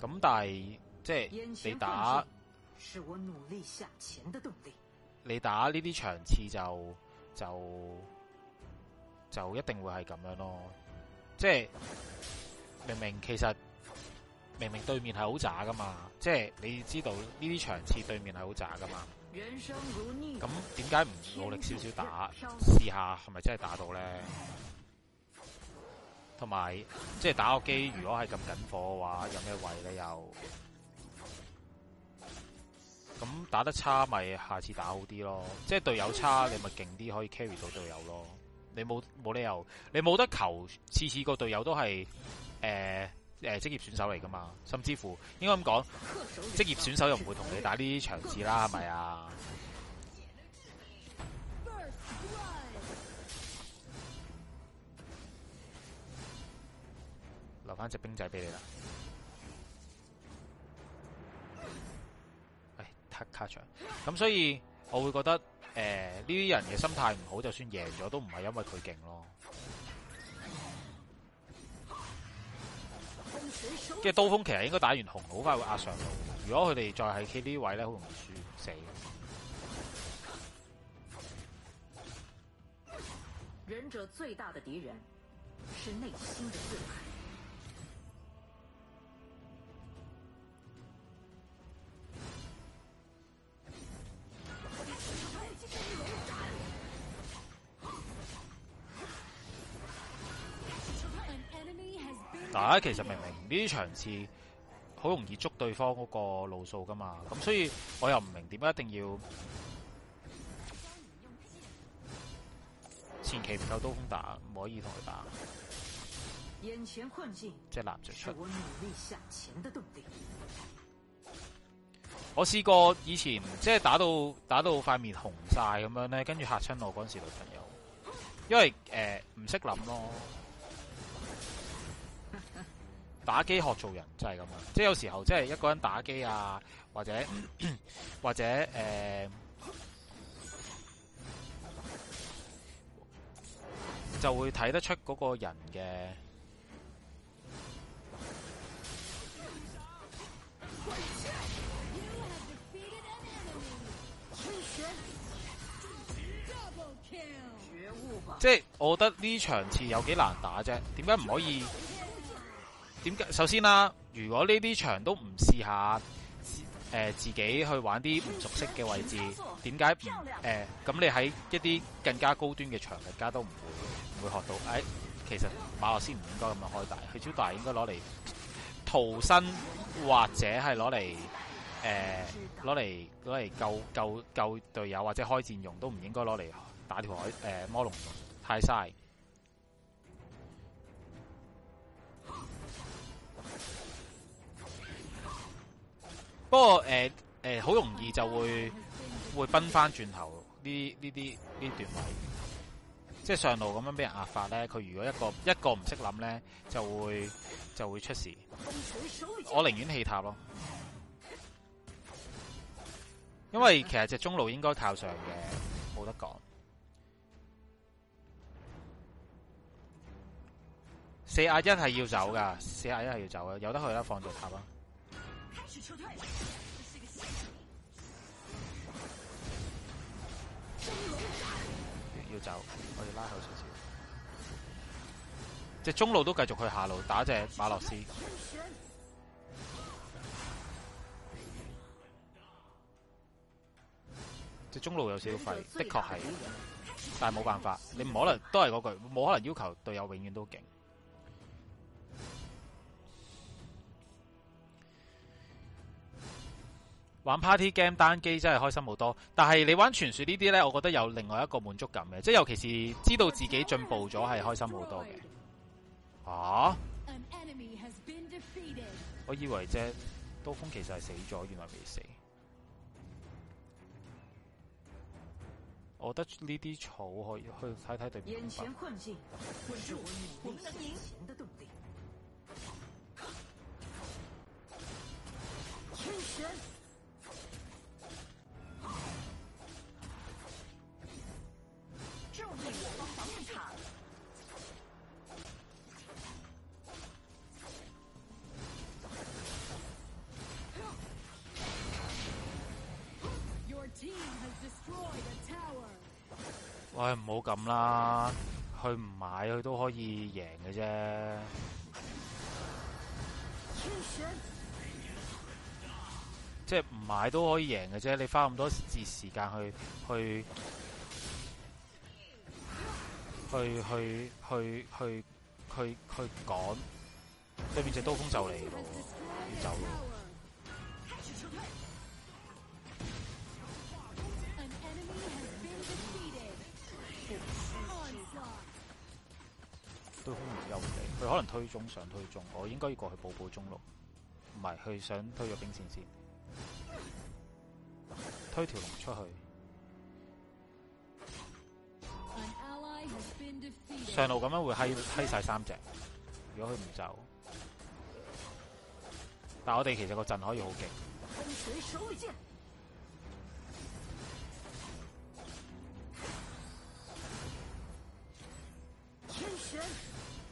Speaker 1: 咁但係即係你打，
Speaker 2: 是我努力向前嘅動力。
Speaker 1: 你打呢啲場次就就就一定會係咁樣咯。即係明明其實明明對面係好渣噶嘛，即係你知道呢啲場次對面係好渣噶嘛。
Speaker 5: 咁
Speaker 1: 點解唔努力少少打試下係咪真係打到咧？同埋，即係打個機，如果係咁緊火嘅話，有咩位咧？又咁打得差，咪、就是、下次打好啲咯。即係隊友差，你咪勁啲可以 carry 到隊友咯。你冇冇理由？你冇得求次次個隊友都係誒誒職業選手嚟㗎嘛？甚至乎應該咁講，職業選手又唔會同你打呢啲場次啦，係咪啊？留翻隻兵仔俾你啦！哎，卡場，咁所以我會覺得誒，呢、呃、啲人嘅心態唔好，就算贏咗都唔係因為佢勁咯。
Speaker 3: 跟
Speaker 1: 住刀鋒其實應該打完紅好快會壓上路，如果佢哋再係企呢位咧，好容易輸死。啊嗱，其實明明呢啲場次好容易捉對方嗰個路數噶嘛，咁所以我又唔明點解一定要前期唔夠刀鋒打唔可以同佢打。
Speaker 2: 眼前困境即係立着出。
Speaker 1: 我試過以前即係打到打到塊面紅晒咁樣咧，跟住吓親我嗰陣時女朋友，因為誒唔識諗咯。打機學做人就係咁樣！即係有時候，即係一個人打機啊，或者 或者誒、呃，就會睇得出嗰個人嘅。即係我覺得呢場次有幾難打啫？點解唔可以？點解？首先啦、啊，如果呢啲場都唔試下，誒、呃，自己去玩啲唔熟悉嘅位置，點解？誒、呃，咁你喺一啲更加高端嘅場，大家都唔會唔會學到？誒、哎，其實馬洛斯唔應該咁樣開大，佢超大應該攞嚟逃生，或者係攞嚟，誒、呃，攞嚟攞嚟救救救隊友，或者開戰用都唔應該攞嚟打條海，誒、呃，魔龍太嘥。不過誒誒，好、呃呃、容易就會會崩返轉頭呢呢啲呢段位，即係上路咁樣俾人壓法咧。佢如果一個一個唔識諗咧，就會就會出事。
Speaker 2: 我
Speaker 1: 寧願棄塔咯，因為其實隻中路應該靠上嘅，冇得講。四阿一係要走噶，四阿一係要走嘅，有得去啦，放咗塔啦。要走，我哋拉好少少。即中路都繼續去下路打隻馬諾斯。即中路有少少廢，的確係，但係冇辦法，你唔可能都係嗰句，冇可能要求隊友永遠都勁。玩 party game 單機真係開心好多，但係你玩傳說這些呢啲咧，我覺得有另外一個滿足感嘅，即係尤其是知道自己進步咗，係開心好多嘅。啊！我以為啫，刀鋒其實係死咗，原來未死。我覺得呢啲草可以去睇睇對面。眼
Speaker 2: 前
Speaker 1: 我係唔好咁啦，佢唔買佢都可以贏嘅啫，
Speaker 3: 即
Speaker 1: 係唔買都可以贏嘅啫。你花咁多字時間去去去去去去去趕，對面隻刀鋒就嚟咯，要走佢可能推中想推中，我應該要過去補補中路，唔係佢想推咗兵線先，推條龍出去。
Speaker 5: 上路咁樣會嗨嗨
Speaker 1: 晒三隻，如果佢唔走，但我哋其實個陣可以好勁。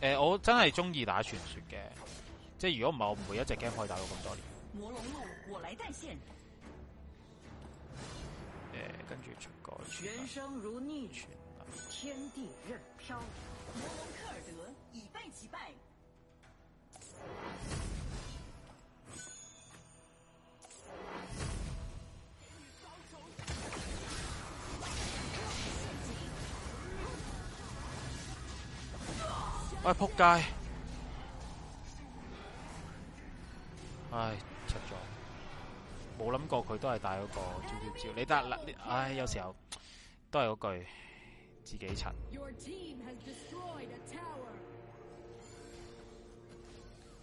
Speaker 1: 誒、呃，我真係中意打傳說嘅，即係如果唔係，我唔會一隻 game 可以打到咁多
Speaker 2: 年。
Speaker 1: 扑、哎、街！唉，柒咗、那個，冇諗過佢都係帶嗰個招招招。你得啦，唉、哎，有時候都係嗰句自己柒。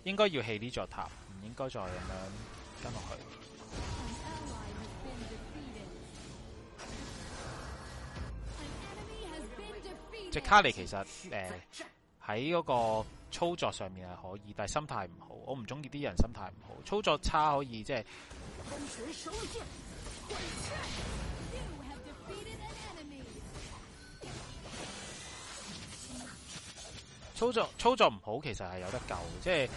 Speaker 1: 應該要棄呢座塔，唔應該再咁樣跟落去。
Speaker 5: 即卡尼
Speaker 1: 其實、呃喺個操作上面係可以，但係心態唔好。我唔中意啲人心態唔好，操作差可以即
Speaker 3: 係、就是。操作
Speaker 1: 操作唔好其實係有得救，即係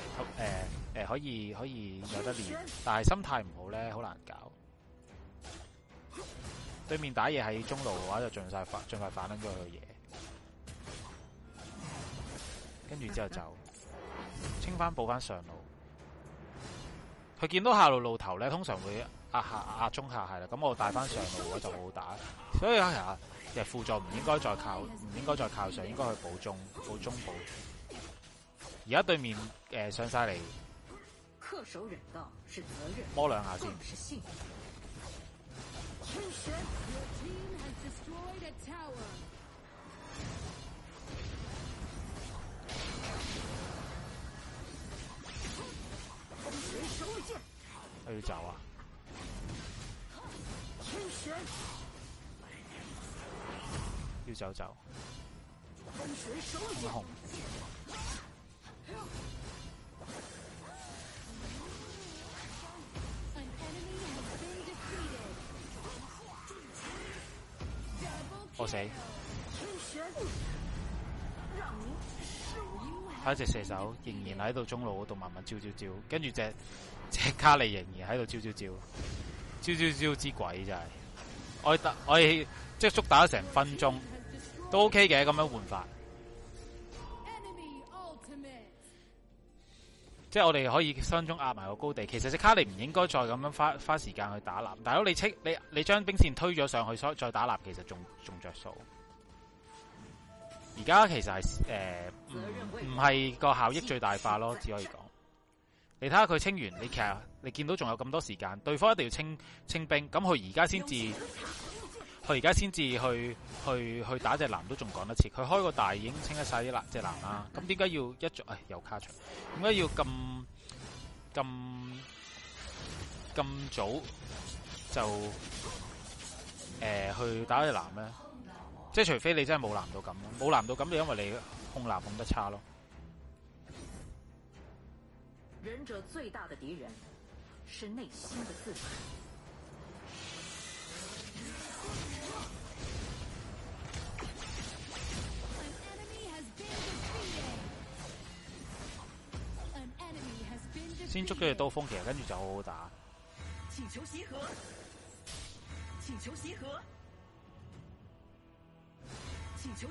Speaker 1: 誒誒可以可以有得練，但係心態唔好咧，好難搞。對面打野喺中路嘅話，就盡晒快盡快反拎咗佢嘢。跟住之後就清翻補翻上路，佢見到下路露頭呢，通常會壓下壓中下係啦。咁我帶翻上路我就冇打，所以啊、哎，其實輔助唔應該再靠，唔應該再靠上，應該去補中，補中補。而家對面誒、呃、上晒嚟，
Speaker 5: 摸兩下先。
Speaker 1: 我要走啊！要走走、
Speaker 5: 啊！
Speaker 1: 我、啊哦、死！啊、一隻射手仍然喺度中路嗰度慢慢照照照，跟住隻隻卡利仍然喺度照照照，照照照之鬼就係、是，我打我即係捉打咗成分鐘，都 OK 嘅咁樣換法，即係我哋可以分中壓埋個高地。其實隻卡利唔應該再咁樣花花時間去打藍，但係如果你清你你將兵線推咗上去，所以再打藍其實仲仲着數。而家其實係誒，唔唔係個效益最大化咯，只可以講。你睇下佢清完，你其實你見到仲有咁多時間，對方一定要清清兵，咁佢而家先至，佢而家先至去去去，去打隻藍，都仲講得切，佢開個大已經清得晒啲藍隻藍啦。咁點解要一早誒、哎、又卡場？點解要咁咁咁早就誒、呃、去打隻藍咧？即係除非你真係冇難度噉咯，冇難度噉就因為你控藍控得差咯。
Speaker 2: 忍者最大嘅敵人，係內心
Speaker 4: 嘅自己。先
Speaker 1: 捉佢嘅刀鋒，其實跟住就好好打。
Speaker 4: 請求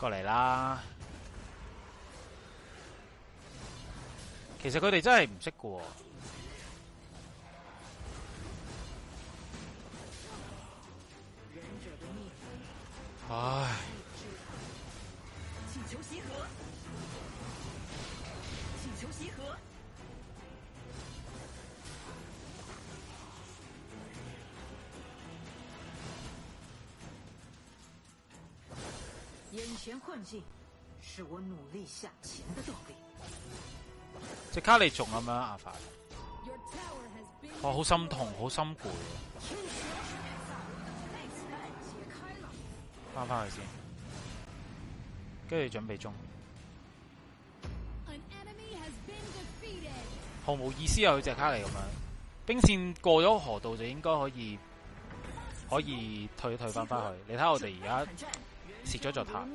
Speaker 1: 過嚟啦！其實佢哋真係唔識
Speaker 3: 嘅。
Speaker 4: 唉，唉。
Speaker 1: 前困境是我努力向前的動力。 卡利仲咁樣阿凡，我、啊、好、哦、心痛，好心攰。翻返去先，跟住準備中。毫無意思啊！佢隻卡利咁樣，兵綫過咗河道就應該可以，可以退退翻翻去。你睇下我哋而家。蝕咗就塔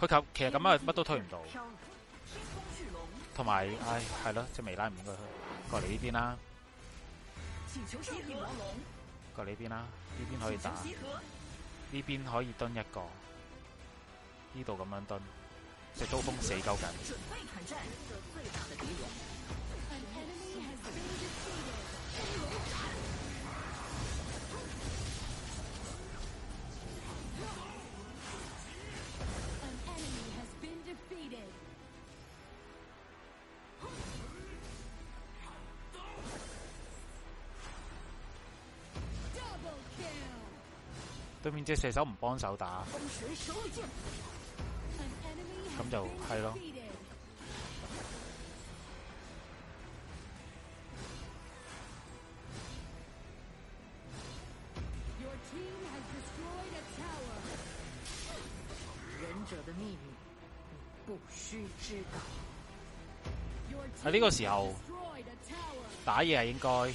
Speaker 1: 佢求其實咁樣乜都推唔到，
Speaker 2: 同埋唉，係
Speaker 1: 咯，即未拉唔去過嚟呢邊啦，過嚟呢邊啦，呢邊可以打，呢邊可以蹲一個，呢度咁樣蹲，隻刀鋒死鳩緊。面隻射手唔幫手打，
Speaker 5: 咁就係咯。
Speaker 3: 忍者的秘密，不需知道。
Speaker 1: 喺呢個時候打嘢係應該。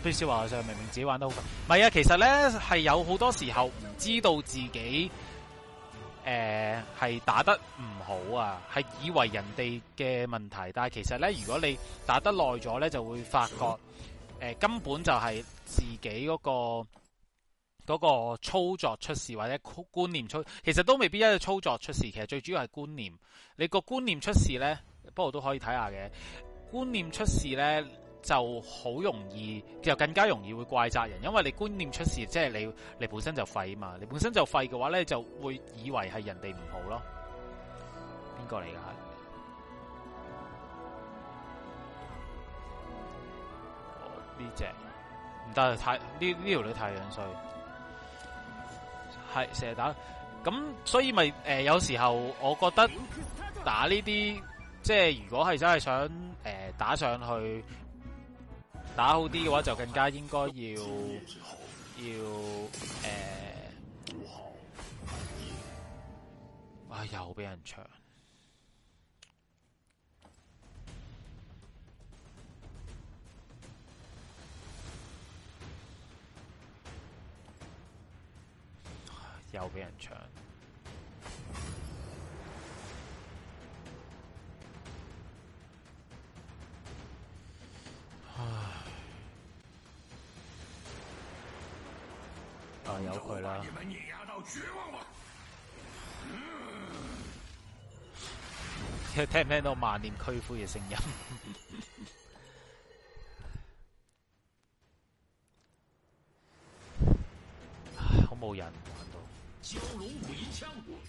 Speaker 1: W C 話我明明自己玩得好，唔係啊，其實呢係有好多時候唔知道自己，誒、呃、係打得唔好啊，係以為人哋嘅問題，但係其實呢，如果你打得耐咗呢，就會發覺，誒、呃、根本就係自己嗰、嗰個、嗰個操作出事，或者觀念出，其實都未必因為操作出事，其實最主要係觀念，你個觀念出事呢，不如都可以睇下嘅觀念出事呢。就好容易，就更加容易會怪責人，因為你觀念出事，即係你你本身就廢嘛，你本身就廢嘅話咧，就會以為係人哋唔好咯。邊個嚟噶？呢隻唔得，太呢呢條女太樣衰，係成日打。咁所以咪誒、呃，有時候我覺得打呢啲，即係如果係真係想誒、呃、打上去。打好啲嘅話，就更加應該要要誒，啊、呃哎！又俾人搶，又俾人搶。聽唔聽到萬念俱灰嘅聲音？好 冇人玩到。
Speaker 5: 蛟龍舞銀槍，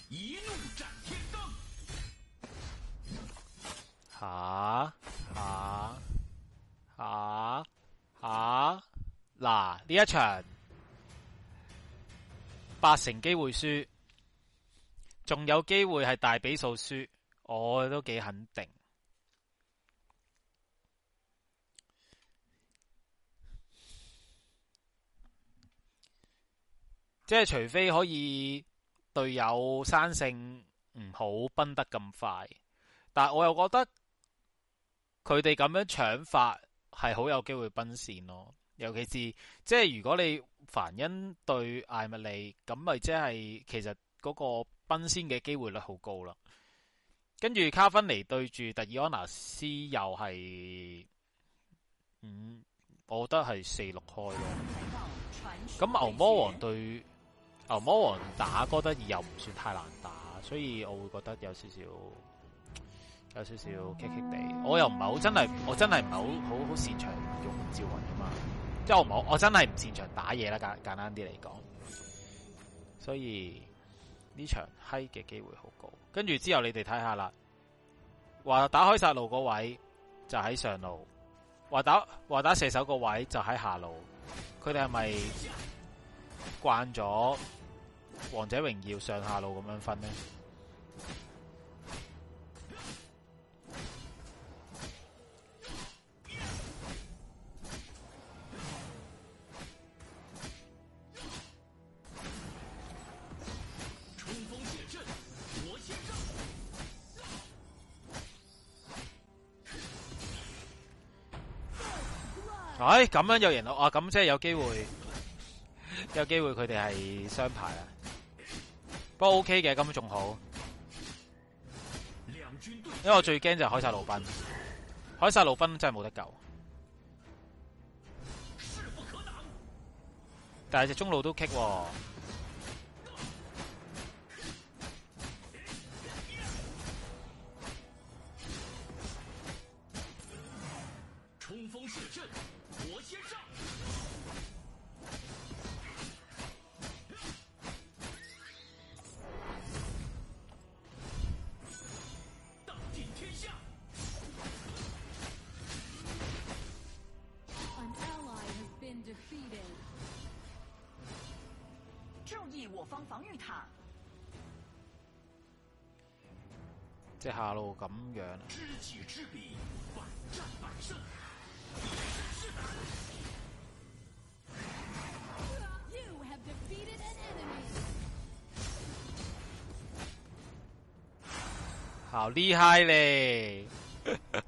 Speaker 5: 一怒斬天燈。
Speaker 1: 嗱，呢、吓吓、一場八成機會輸，仲有機會係大比數輸。我都幾肯定，即係除非可以隊友生性唔好奔得咁快，但我又覺得佢哋咁樣搶法係好有機會奔線咯。尤其是即係如果你凡恩對艾蜜莉咁，咪即係其實嗰個奔線嘅機會率好高啦。跟住卡芬尼對住特爾安娜斯又係五、嗯，我覺得係四六開。咁牛魔王對牛魔王打哥德爾又唔算太難打，所以我會覺得有少少有少少棘棘地。我又唔係好真係，我真係唔係好好好擅長用趙雲啊嘛，即係我唔我真係唔擅長打嘢啦，簡簡單啲嚟講，所以呢場嗨嘅機會好高。跟住之後你看看，你哋睇下啦。話打開殺路嗰位就喺上路，話打話打射手個位就喺下路。佢哋係咪慣咗《王者榮耀》上下路咁樣分呢？哎，咁樣又贏咯啊！咁即係有機會，有機會佢哋係雙排啊，不過 OK 嘅，咁樣仲好。
Speaker 3: 因
Speaker 1: 為我最驚就係海晒盧賓，海晒盧賓真係冇得救。但係隻中路都棘喎。防禦塔，即下路咁樣，好厲害嘞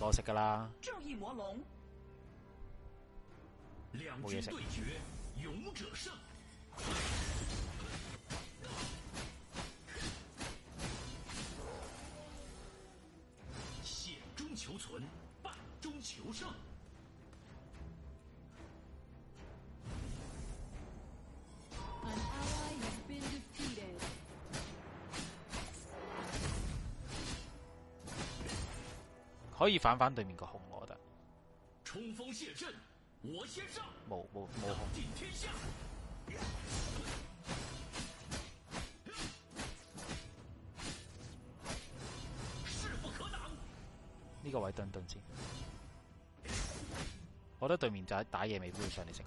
Speaker 1: 多識㗎啦！
Speaker 2: 魔龍，
Speaker 3: 兩軍對決，勇者勝，險中求存，
Speaker 5: 敗中求勝。
Speaker 1: 可以反反對面個紅我得，
Speaker 2: 衝鋒陷陣，我先上，
Speaker 1: 冇冇冇紅定
Speaker 2: 天
Speaker 3: 下，
Speaker 1: 勢不可擋。呢個位等等先，我覺得對面就係打野未必會上
Speaker 3: 嚟食紅。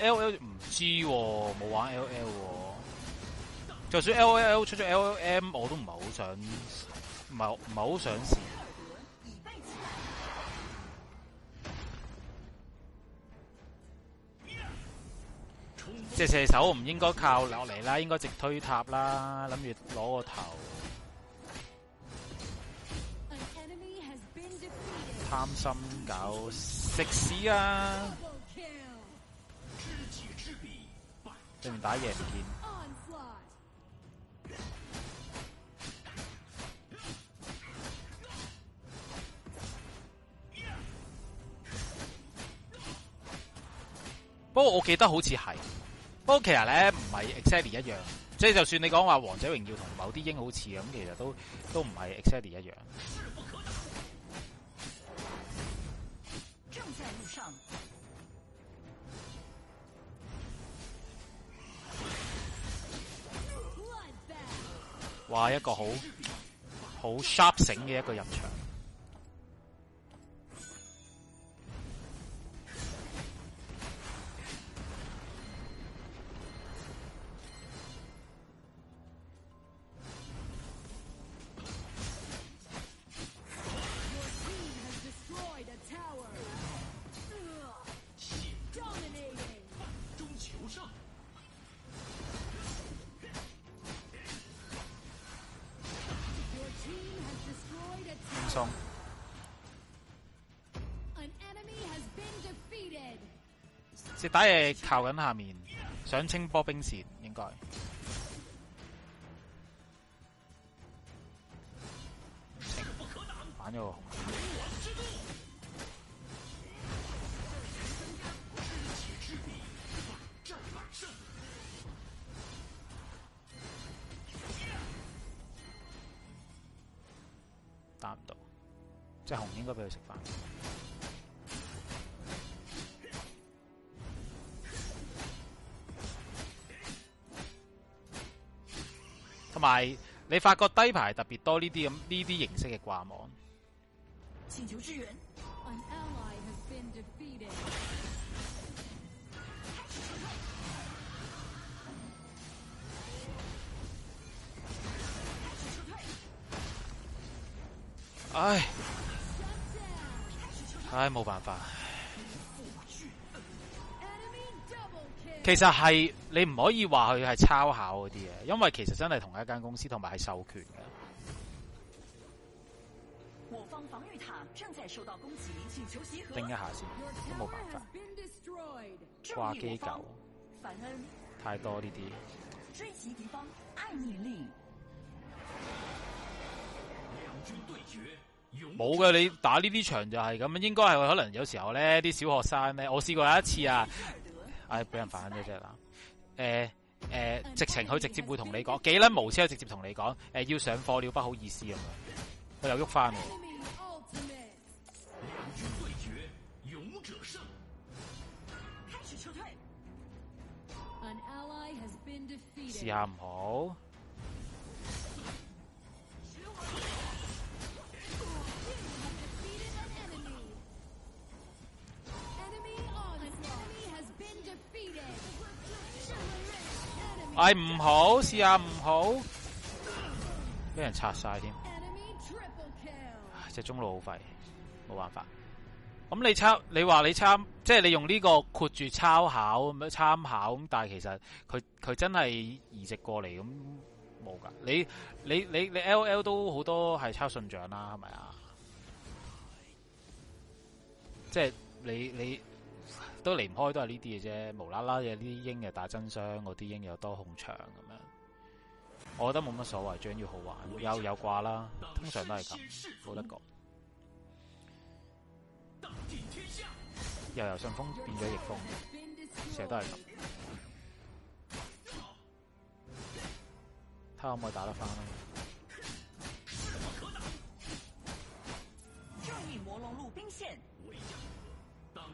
Speaker 1: L. L 唔知，冇玩 L. L。就算 L. o L 出咗 L. L. M，我都唔係好想，唔係唔係好想試。即射手唔應該靠落嚟啦，應該直推塔啦，諗住攞個頭，
Speaker 5: 貪搞。
Speaker 1: 貪心狗食屎啊！對面打贏件、嗯，不、嗯、過我記得好似係，不過其實咧唔係 exactly 一樣，即係就算你講話《王者榮耀》同某啲英雄好似嘅，咁其實都都唔係 exactly 一樣。哇！一個好好 sharp 醒嘅一個入場。唉，靠近下面，想清波兵線應該。打唔到，即係紅應該俾佢食飯。但係你發覺低排特別多呢啲咁呢啲形式嘅掛網，
Speaker 3: 唉
Speaker 1: 唉冇辦法。其實係你唔可以話佢係抄考嗰啲嘢，因為其實真係同一間公司，同埋係授權嘅。
Speaker 2: 定一下先，冇辦法。掛機狗，
Speaker 1: 太多呢啲。冇嘅，你打呢啲場就係咁，應該係可能有時候呢啲小學生呢，我試過有一次啊。哎，俾人煩咗啫啦！誒誒、欸欸，直情佢直接會同你講，been... 幾粒毛車直接同你講，誒、欸，要上課了，不好意思咁樣，佢又郁翻
Speaker 5: 嚟。
Speaker 1: 試下唔好。係唔好，試下唔好，俾人拆晒添。即中路好廢，冇辦法。咁你抄，你話你參，即係你用呢個括住參考咁樣參考，咁但係其實佢佢真係移植過嚟，咁冇噶。你你你你 LOL 都好多係抄信長啦，係咪啊？即係你你。你都離唔開，都係呢啲嘢啫，無啦啦嘅呢啲鷹又打真傷，嗰啲鷹又多控場咁樣，我覺得冇乜所謂，終於好玩，有有掛啦，通常都係咁，冇得講。
Speaker 3: 又由順風變咗逆風，成日都係咁，
Speaker 1: 他有冇打得返啊？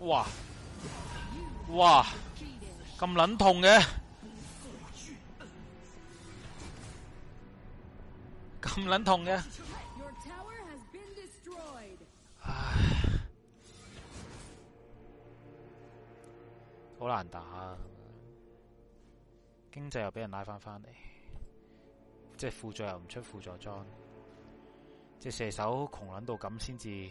Speaker 1: 哇！哇！咁撚痛嘅，咁撚痛嘅，唉，好難打啊，經濟又俾人拉翻翻嚟，即係輔助又唔出輔助裝，即係射手窮捻到咁先至。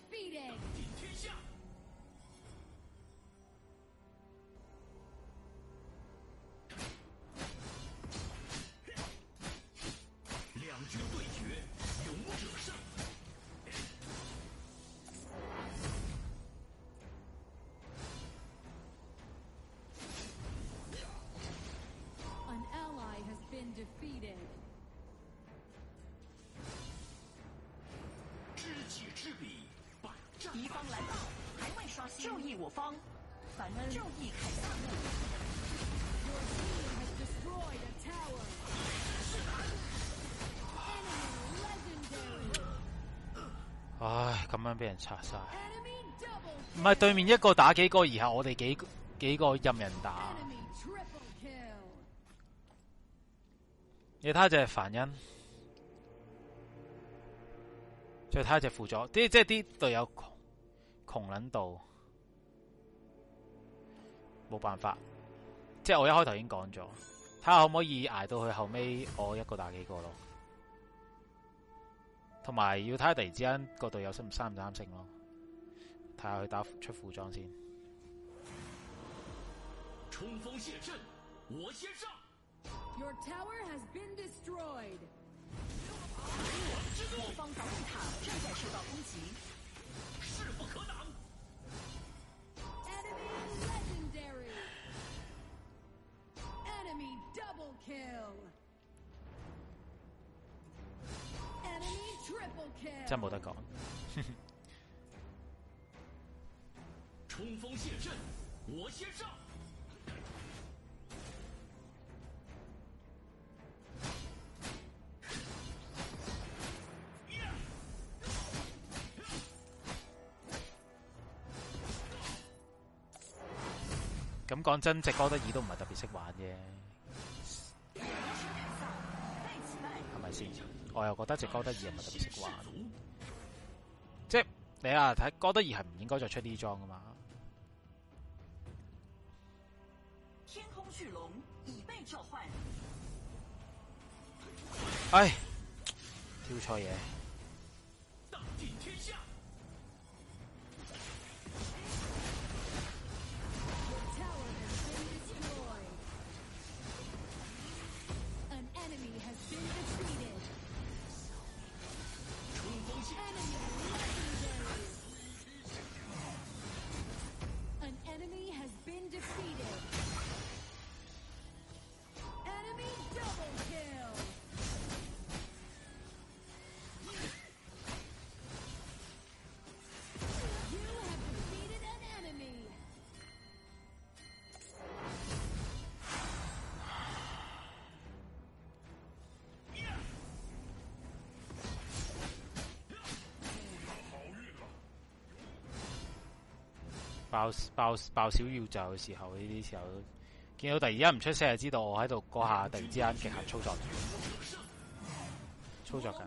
Speaker 1: 被人拆晒，唔係對面一個打幾個，而係我哋幾個幾個任人打。你睇下隻凡人，再睇下隻輔助，啲即係啲隊友窮窮捻到，冇辦法。即係我一開頭已經講咗，睇下可唔可以捱到佢後尾我一個打幾個咯。同埋要睇下突然之間個度有三三唔三星咯，睇下佢打出副裝先。
Speaker 4: 我
Speaker 5: 先上真冇得
Speaker 1: 講！
Speaker 4: 衝鋒陷陣，我先上 。
Speaker 3: 咁講真，隻哥德爾都唔係特別識玩嘅，係
Speaker 1: 咪先？我又覺得這隻高德義唔係特別識玩的，就是，即你啊睇高德義係唔應該再出呢裝㗎嘛唉。哎，對不起，少爺。爆爆爆！爆爆小宇宙嘅時候呢啲時候，見到突然間唔出聲，就知道我喺度嗰下突然之間極限操作，操作緊。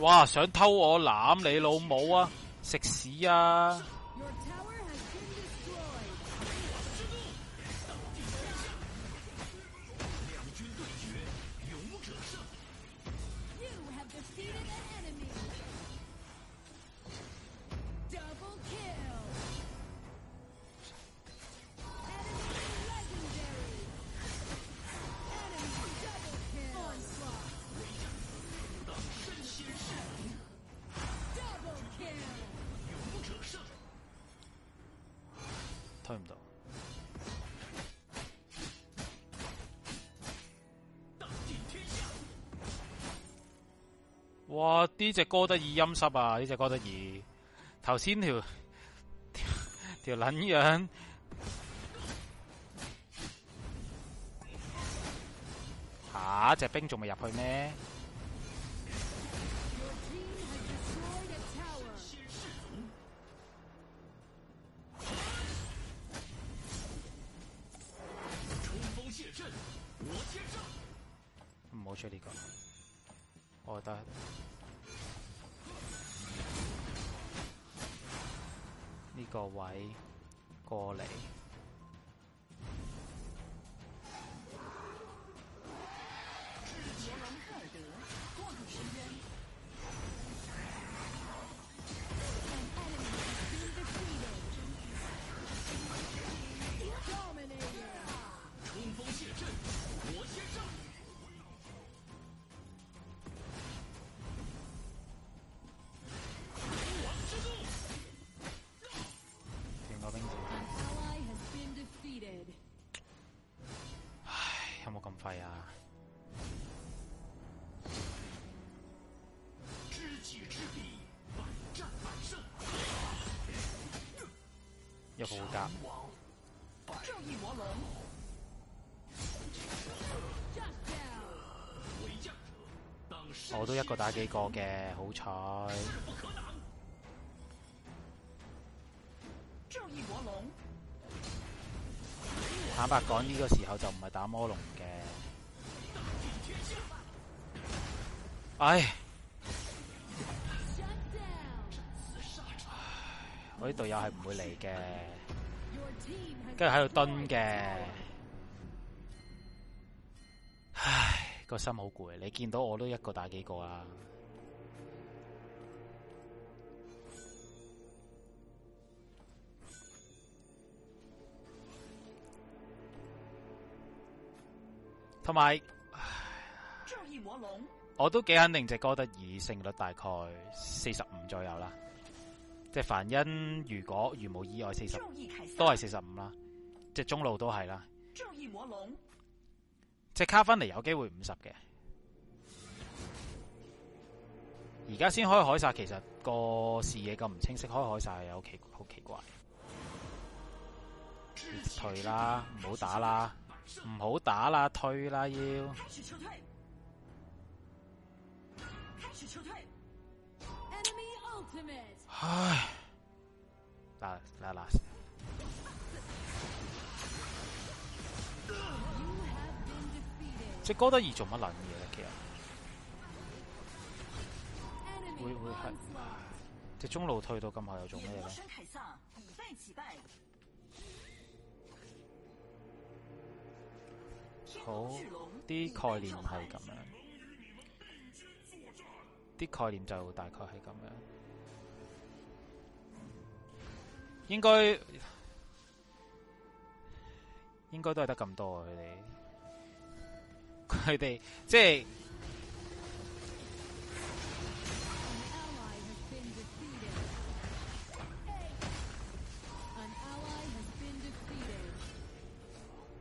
Speaker 1: 哇！想偷我攬你老母啊！食屎啊！呢隻歌得意陰濕啊！呢隻歌得意，頭先條條撚樣，下隻兵仲未入去咩？一個打幾個嘅，好彩。坦白講呢個時候就唔係打魔龍嘅。唉，我啲隊友係唔會嚟嘅，跟住喺度蹲嘅。個心好攰，你見到我都一個打幾個啊！同埋，
Speaker 2: 正魔龍，
Speaker 1: 我都幾肯定隻哥德爾勝率大概四十五左右啦。即係凡因如果如無意外，四十都係四十五啦。即係中路都係啦。只卡分嚟有機會五十嘅，而家先開海殺，其實個視野咁唔清晰，開海殺係好奇好奇怪。奇怪
Speaker 3: 退啦，唔好打啦，
Speaker 1: 唔好打啦，退啦要。
Speaker 5: 唉，
Speaker 1: 嚟嚟啦。啦隻高德義做乜撚嘢呢？其
Speaker 5: 實會會
Speaker 1: 係中路退到咁快又做咩呢？
Speaker 3: 好，啲概念係咁樣，
Speaker 1: 啲概念就大概係咁樣。應該應該都係得咁多啊！佢哋。佢哋即係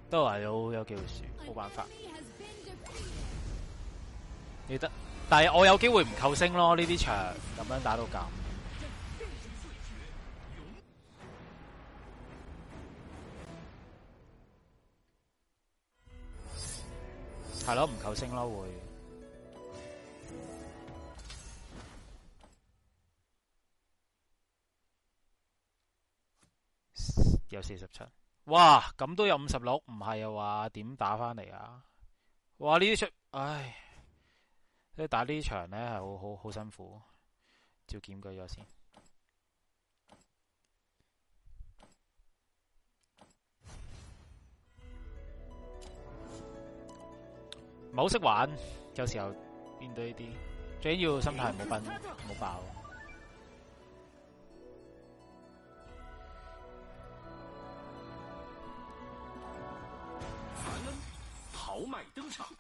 Speaker 1: 都係有有機會輸，冇辦法。你得，但係我有機會唔扣星咯。呢啲場噉樣打到咁。大佬唔夠升咯，會有四十七。哇，咁都有五十六，唔係啊話點打返嚟啊？哇，呢啲出，唉，即係打呢場呢係好好好辛苦，照檢舉咗先。唔好識玩，有時候面對呢啲，最緊要心態唔好崩，唔好
Speaker 3: 爆。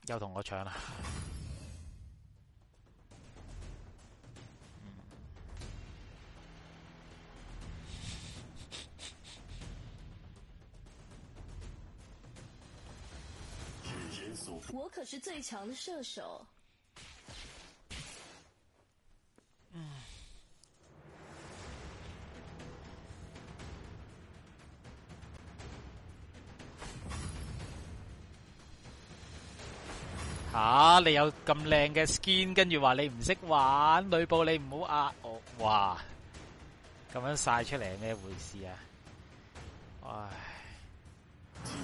Speaker 1: 又同我搶啦！
Speaker 2: 我可是最強的射手，啊。嗯。
Speaker 1: 吓，你有咁靚嘅 skin，跟住話你唔識玩呂布，你唔好呃我。哇，咁樣晒出嚟咩回事啊？唉。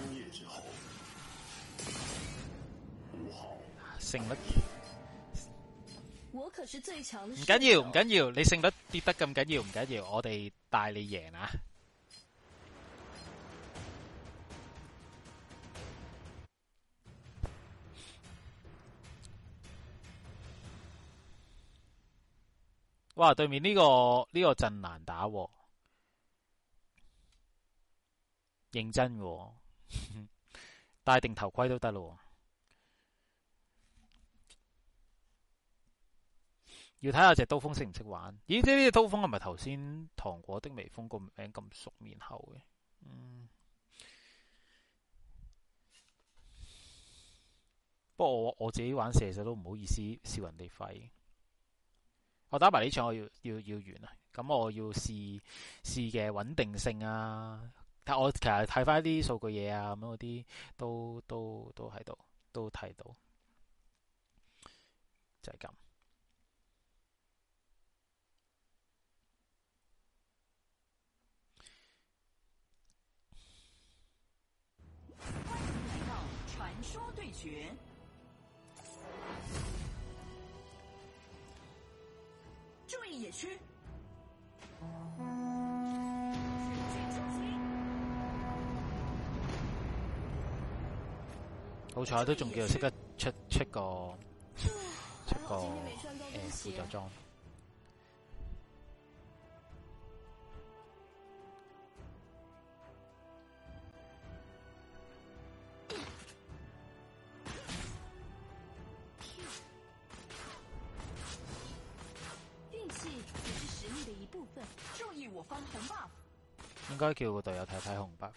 Speaker 1: 勝率，
Speaker 2: 我可是最強，唔緊要，唔緊
Speaker 1: 要，你勝率跌得咁緊要，唔緊要，我哋帶你贏啊！哇，對面呢個呢個陣難打，認真戴定頭盔都得咯。要睇下隻刀鋒識唔識玩？咦，即係呢隻刀鋒係咪頭先糖果的微風個名咁熟面口嘅？嗯，不過我我自己玩射手都唔好意思笑人哋廢。我打埋呢場我要要要,要完啦，咁我要試試嘅穩定性啊。但係我其實睇翻啲數據嘢啊，咁嗰啲都都都喺度，都睇到就係咁。注意野區！好彩都仲叫識得出出個出個輔助裝。欸應該叫個隊友睇睇紅 buff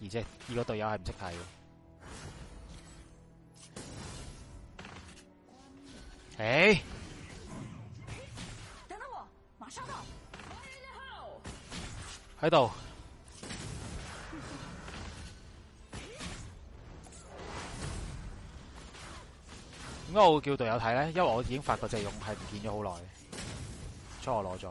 Speaker 1: 而且而個隊友係唔識睇嘅。誒、欸，等等我，馬上到。喺度。點解我會叫隊友睇呢？因為我已經發覺隻勇係唔見咗好耐，所以我攞咗。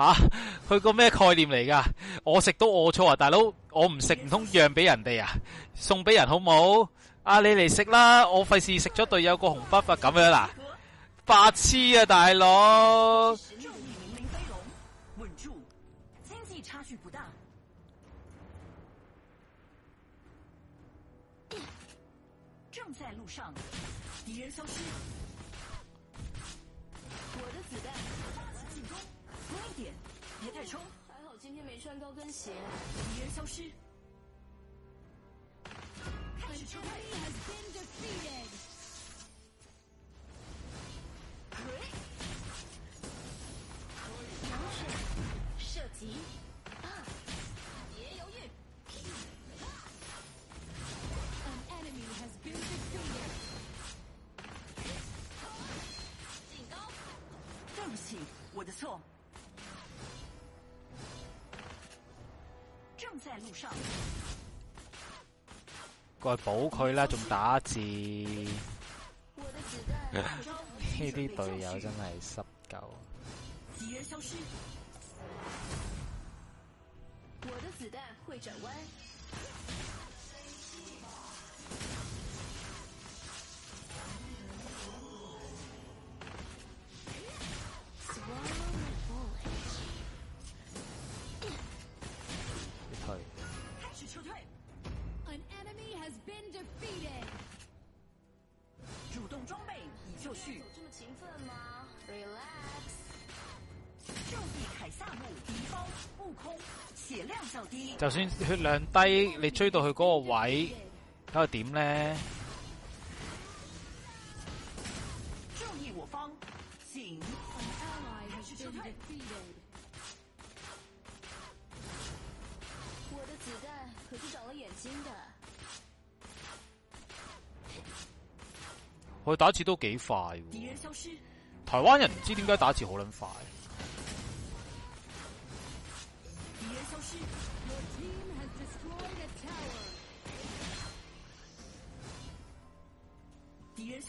Speaker 1: 吓、啊？佢個咩概念嚟㗎？我食都我錯啊，大佬！我唔食唔通讓俾人哋啊，送俾人好冇？啊，你嚟食啦，我費事食咗隊友個紅筆筆咁樣啦、啊，白痴啊，大佬！
Speaker 2: 敵
Speaker 4: 人消失，開始撤退。
Speaker 1: 過去補佢啦，仲打字，呢啲隊友真係濕狗。
Speaker 2: 血量較
Speaker 1: 低，就算血量低，你追到去嗰個位，睇下點呢？
Speaker 2: 注意我方，
Speaker 5: 請。
Speaker 2: 我的子彈可是長了眼睛的。
Speaker 1: 我打字都幾快，台灣人唔知點解打字好撚快。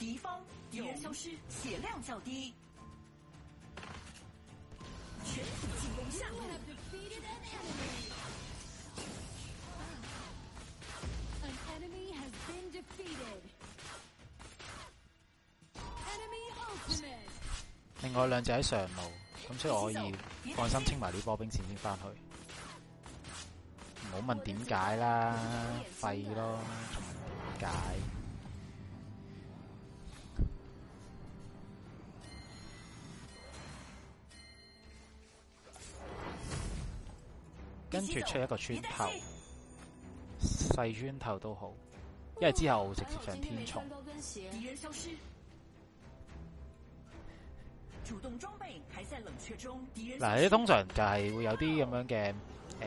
Speaker 5: 敵方有人消失，血量較低。
Speaker 3: 全體進攻下路。
Speaker 1: 另外兩隻喺上路，咁所以我可以放心清埋呢波兵線先翻去。唔好問點解啦，廢咯，唔解。跟住出一個磚頭，細磚頭都好，因為之後直接上天蟲。
Speaker 2: 嗱，呢通
Speaker 1: 常就係會有啲咁樣嘅誒。呃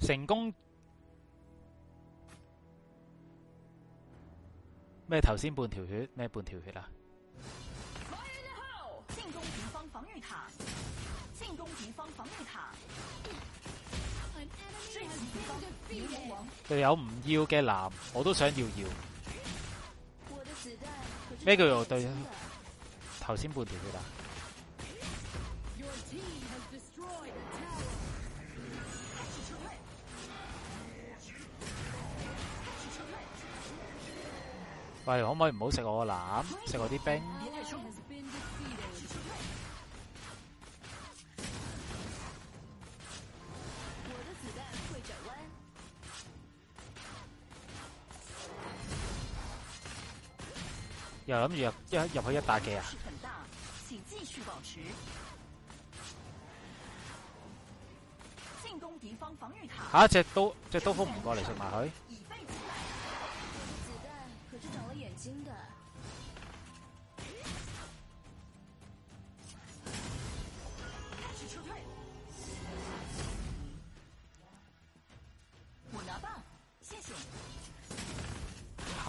Speaker 1: 成功咩？頭先半條血咩？半條血啊！隊友唔要嘅男，我都想要要。呢個又對頭先半條血啦、啊。喂，可唔可以唔好食我個腩，食我啲冰？
Speaker 3: 又
Speaker 1: 諗住入一入去一打幾啊？
Speaker 2: 吓，隻刀隻刀
Speaker 1: 鋒唔過嚟食埋佢。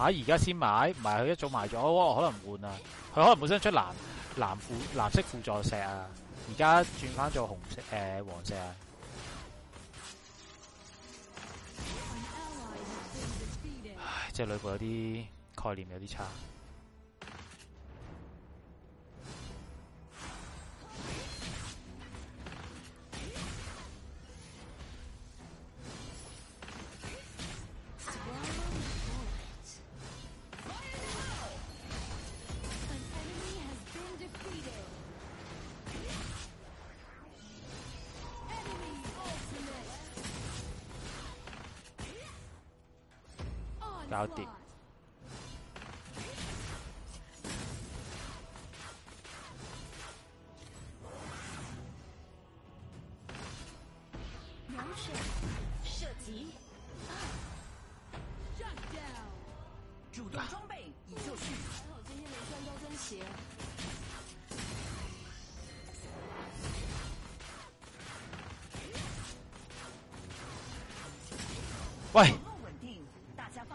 Speaker 1: 嚇、啊！而家先買，唔係佢一早買咗、哦哦，可能換啊。佢可能本身出藍藍輔藍色輔助石啊，而家轉翻做紅色誒、呃、黃色啊、
Speaker 5: 嗯。唉，
Speaker 1: 即係裏部有啲概念有啲差。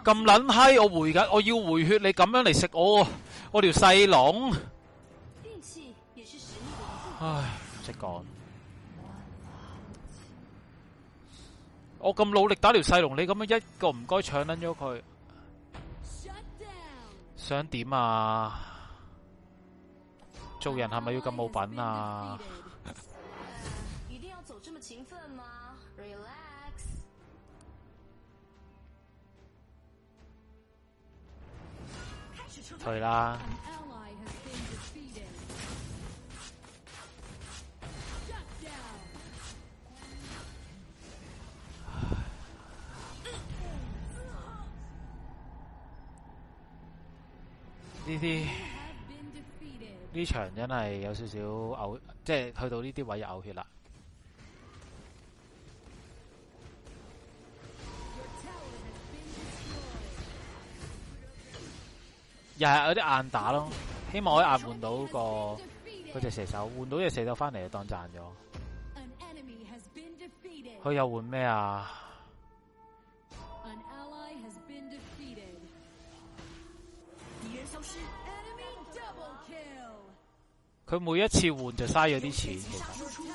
Speaker 1: 咁撚閪，我回緊，我要回血，你咁樣嚟，食我，我條細龍。
Speaker 3: 唉，唔
Speaker 1: 識講。我咁努力打條細龍，你咁樣一個唔該搶捻咗佢，想點啊？做人係咪要咁冇品啊？退啦！呢啲呢場真係有少少嘔，即係去到呢啲位就嘔血啦。又係有啲硬打咯希望可以硬換到個嗰隻射手，換到隻射手翻嚟就當賺咗。
Speaker 5: 佢
Speaker 1: 又換咩
Speaker 5: 啊？
Speaker 1: 佢每一次換就嘥咗啲錢，其實。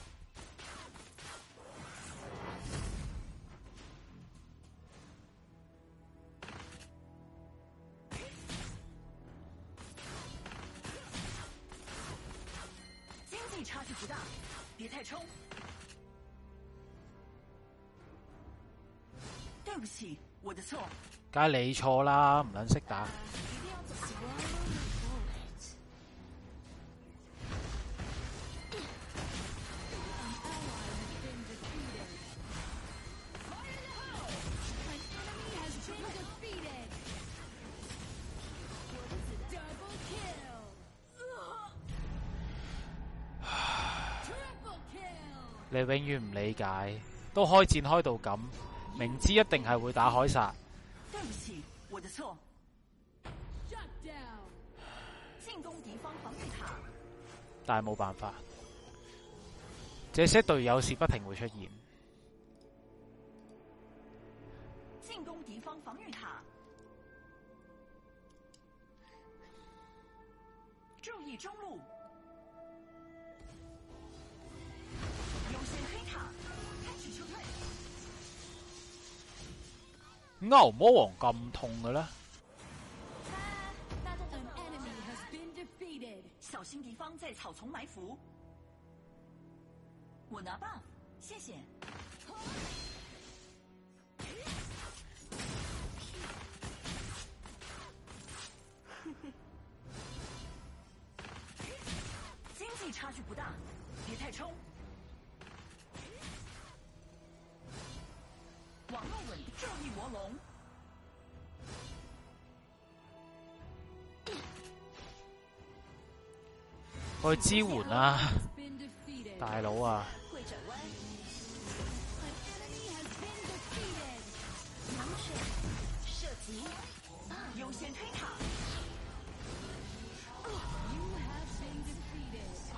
Speaker 2: 唔得，別太衝。對不起，我的錯。梗
Speaker 1: 係你錯啦，唔撚識打。永遠唔理解，都開戰開到咁，明知一定係會打海殺。
Speaker 2: 對不起，我嘅錯。Shut down。進攻敵方防禦塔。
Speaker 1: 但係冇辦法，這些隊友是不停會出現，
Speaker 2: 進攻敵方防禦塔，注意中路。
Speaker 1: 牛魔王咁痛
Speaker 2: 嘅呢、啊啊啊？小心敵方在草叢埋伏。我拿棒，謝謝。 經濟差距不大，別太衝。
Speaker 1: 我去支援啊，
Speaker 2: 大佬啊！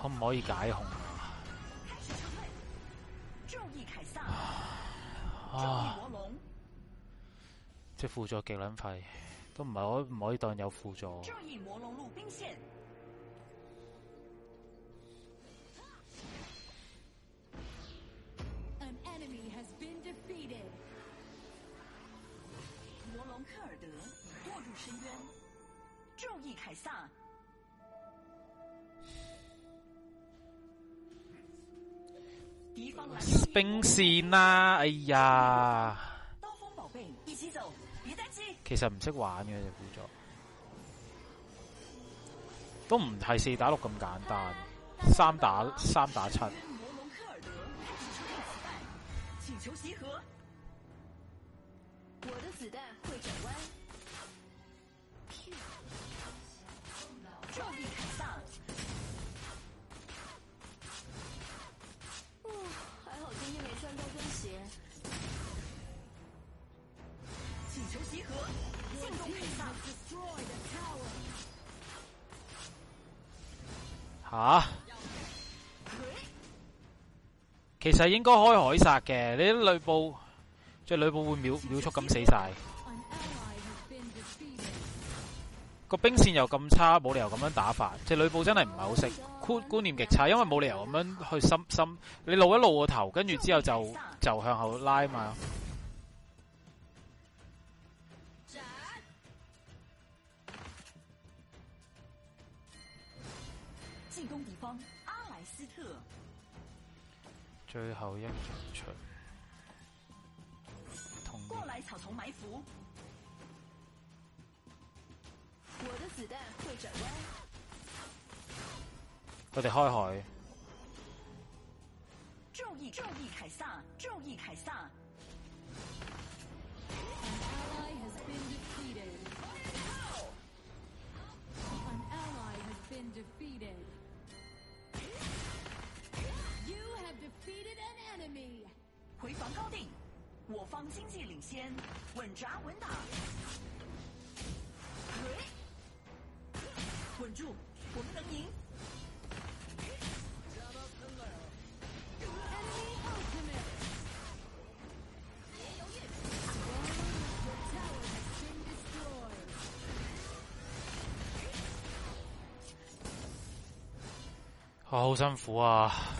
Speaker 2: 可唔可以解控啊，啊？注意凱撒！注意魔龍！
Speaker 1: 這輔助極卵廢，都唔可，可以當有輔助？冰線啊！哎呀，
Speaker 2: 其
Speaker 1: 實唔識玩嘅輔助，都唔係四打六咁簡單，三打
Speaker 4: 三打七。
Speaker 1: 啊其實應該開海殺嘅，你啲呂布即係呂布會秒秒速咁死晒，個兵線又咁差，冇理由咁樣打法，即係呂布真係唔係好識，觀觀念極差，因為冇理由咁樣去心心，你露一露個頭，跟住之後就就向後拉嘛。
Speaker 3: 最後一場，出。過
Speaker 2: 來草叢埋伏。我的子彈會轉彎。
Speaker 1: 我哋開海。
Speaker 2: 注意，注意，凱撒，注意，凱撒。經濟領先，穩紮穩打。穩住，我們能
Speaker 1: 贏。我好辛苦啊。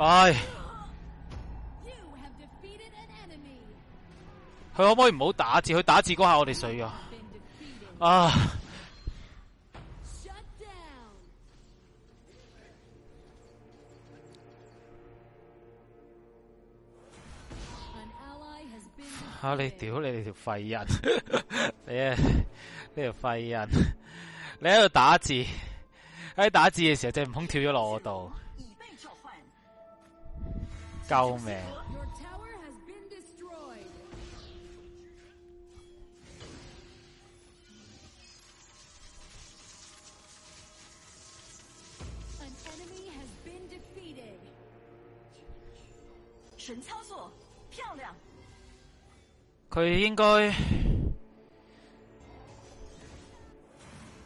Speaker 1: 唉，佢可唔可以唔好打字？佢打字嗰下我哋水啊！啊，啊！你屌你條廢人，你啊，你條廢人，你喺度打字，喺打字嘅時候，就唔空跳咗落我度。救命！
Speaker 5: 神
Speaker 2: 操作，漂亮！
Speaker 1: 佢應該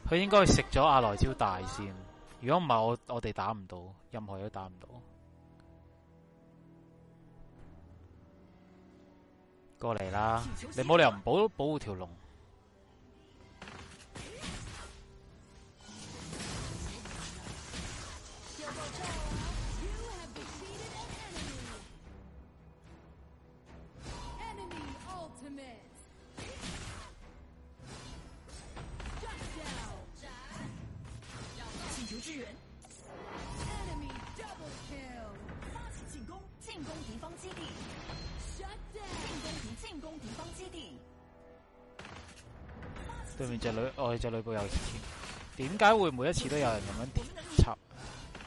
Speaker 1: 佢應該食咗阿萊招大先，如果唔係，我我哋打唔到，任何嘢都打唔到。過嚟啦！你冇理由唔保保護條龍。就隻女哦，就隻女朋友點解會每一次都有人咁樣插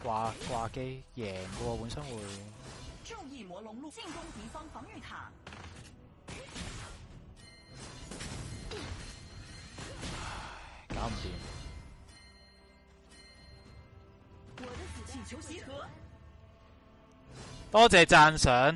Speaker 1: 掛掛機贏嘅？本身會
Speaker 2: 搞唔
Speaker 1: 掂。多謝讚賞。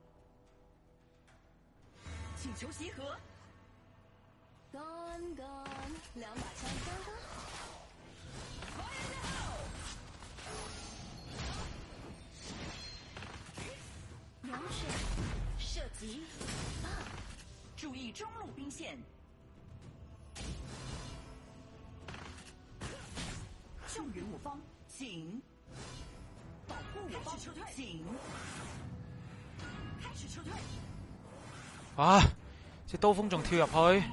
Speaker 2: 請求集合
Speaker 3: 兩把槍，剛剛好。射
Speaker 2: 擊，啊，注意中路兵線，救援我方，請保護我方，請
Speaker 3: 開始撤退。啊！隻刀鋒仲跳入去。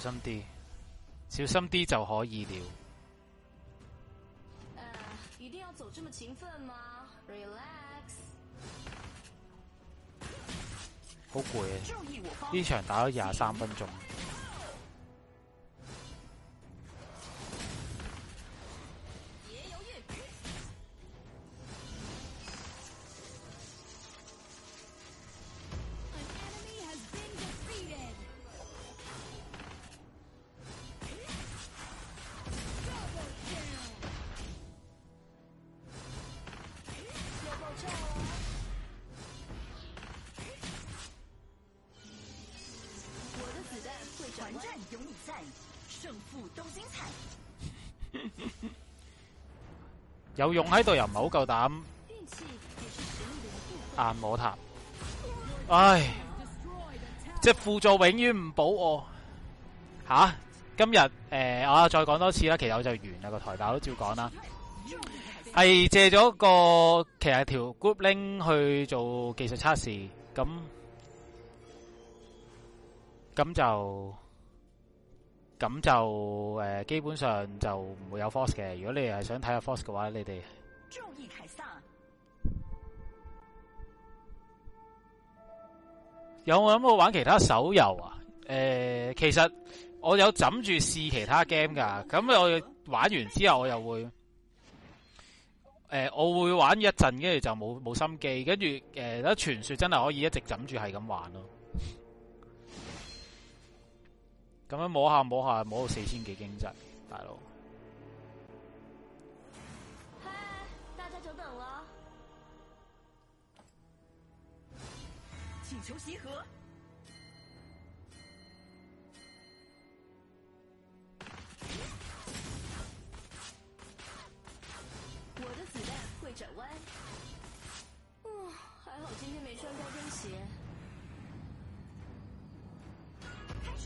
Speaker 1: 小心啲，小心啲就可以
Speaker 2: 了。
Speaker 1: 好攰啊！呢場打咗廿三分鐘。有用喺度又唔係好夠膽，暗魔塔，唉，即係輔助永遠唔保我，吓，今日誒，我再講多次啦，其實我就完啦個台爆都照講啦，係借咗個其實條 group link 去做技術測試，咁，咁就。咁就誒、呃，基本上就唔會有 force 嘅。如果你係想睇下 force 嘅話，你哋有冇諗過玩其他手遊啊？誒、呃，其實我有枕住試其他 game 噶咁我玩完之後，我又會誒、呃，我會玩一陣，跟住就冇冇心機。跟住誒，得、呃、傳說真係可以一直枕住係咁玩咯。咁樣摸下摸下摸到四千幾經濟，大佬。
Speaker 2: 嗨，大家久等了。
Speaker 4: 請求集合。
Speaker 2: 我的子彈會轉彎。哦，還好今天沒穿
Speaker 4: 高跟
Speaker 5: 鞋。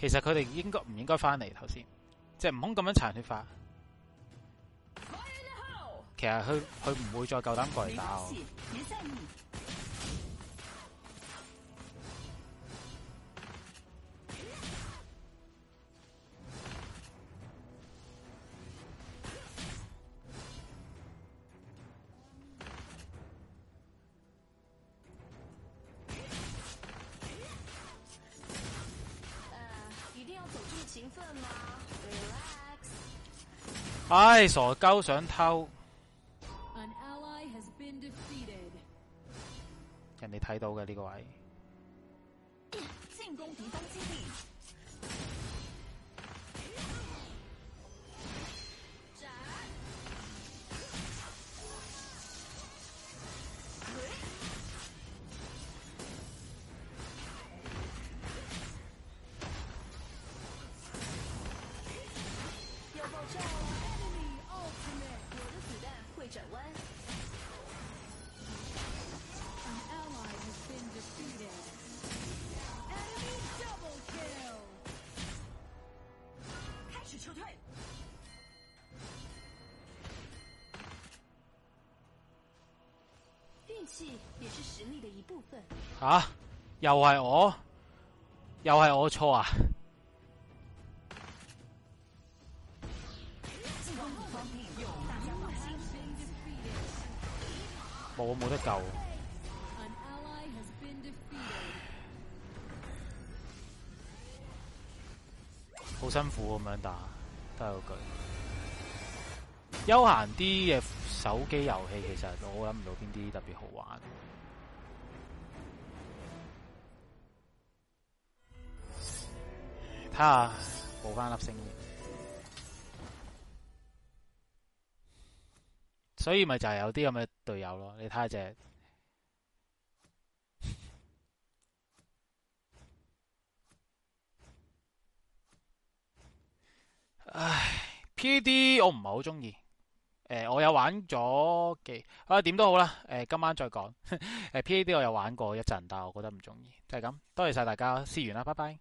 Speaker 1: 其實佢哋應該唔應該翻嚟？頭先，即係唔好咁樣殘血化，其實佢佢唔會再夠膽過嚟打唉，傻鳩想偷
Speaker 5: An ally has been defeated.
Speaker 1: 人，人哋睇到嘅呢個位。啊！又係我，又係我錯啊！我冇得救，好辛苦咁樣打。都係嗰句，休閒啲嘅手機遊戲，其實我諗唔到邊啲特別好玩。睇下補翻粒星，所以咪就係有啲咁嘅隊友咯。你睇下隻。唉，P A D 我唔係好中意。誒，我有玩咗嘅，啊點都好啦。誒，今晚再講。誒，P A D 我有玩過一陣，但係我覺得唔中意，就係咁。多謝晒大家試完啦，拜拜。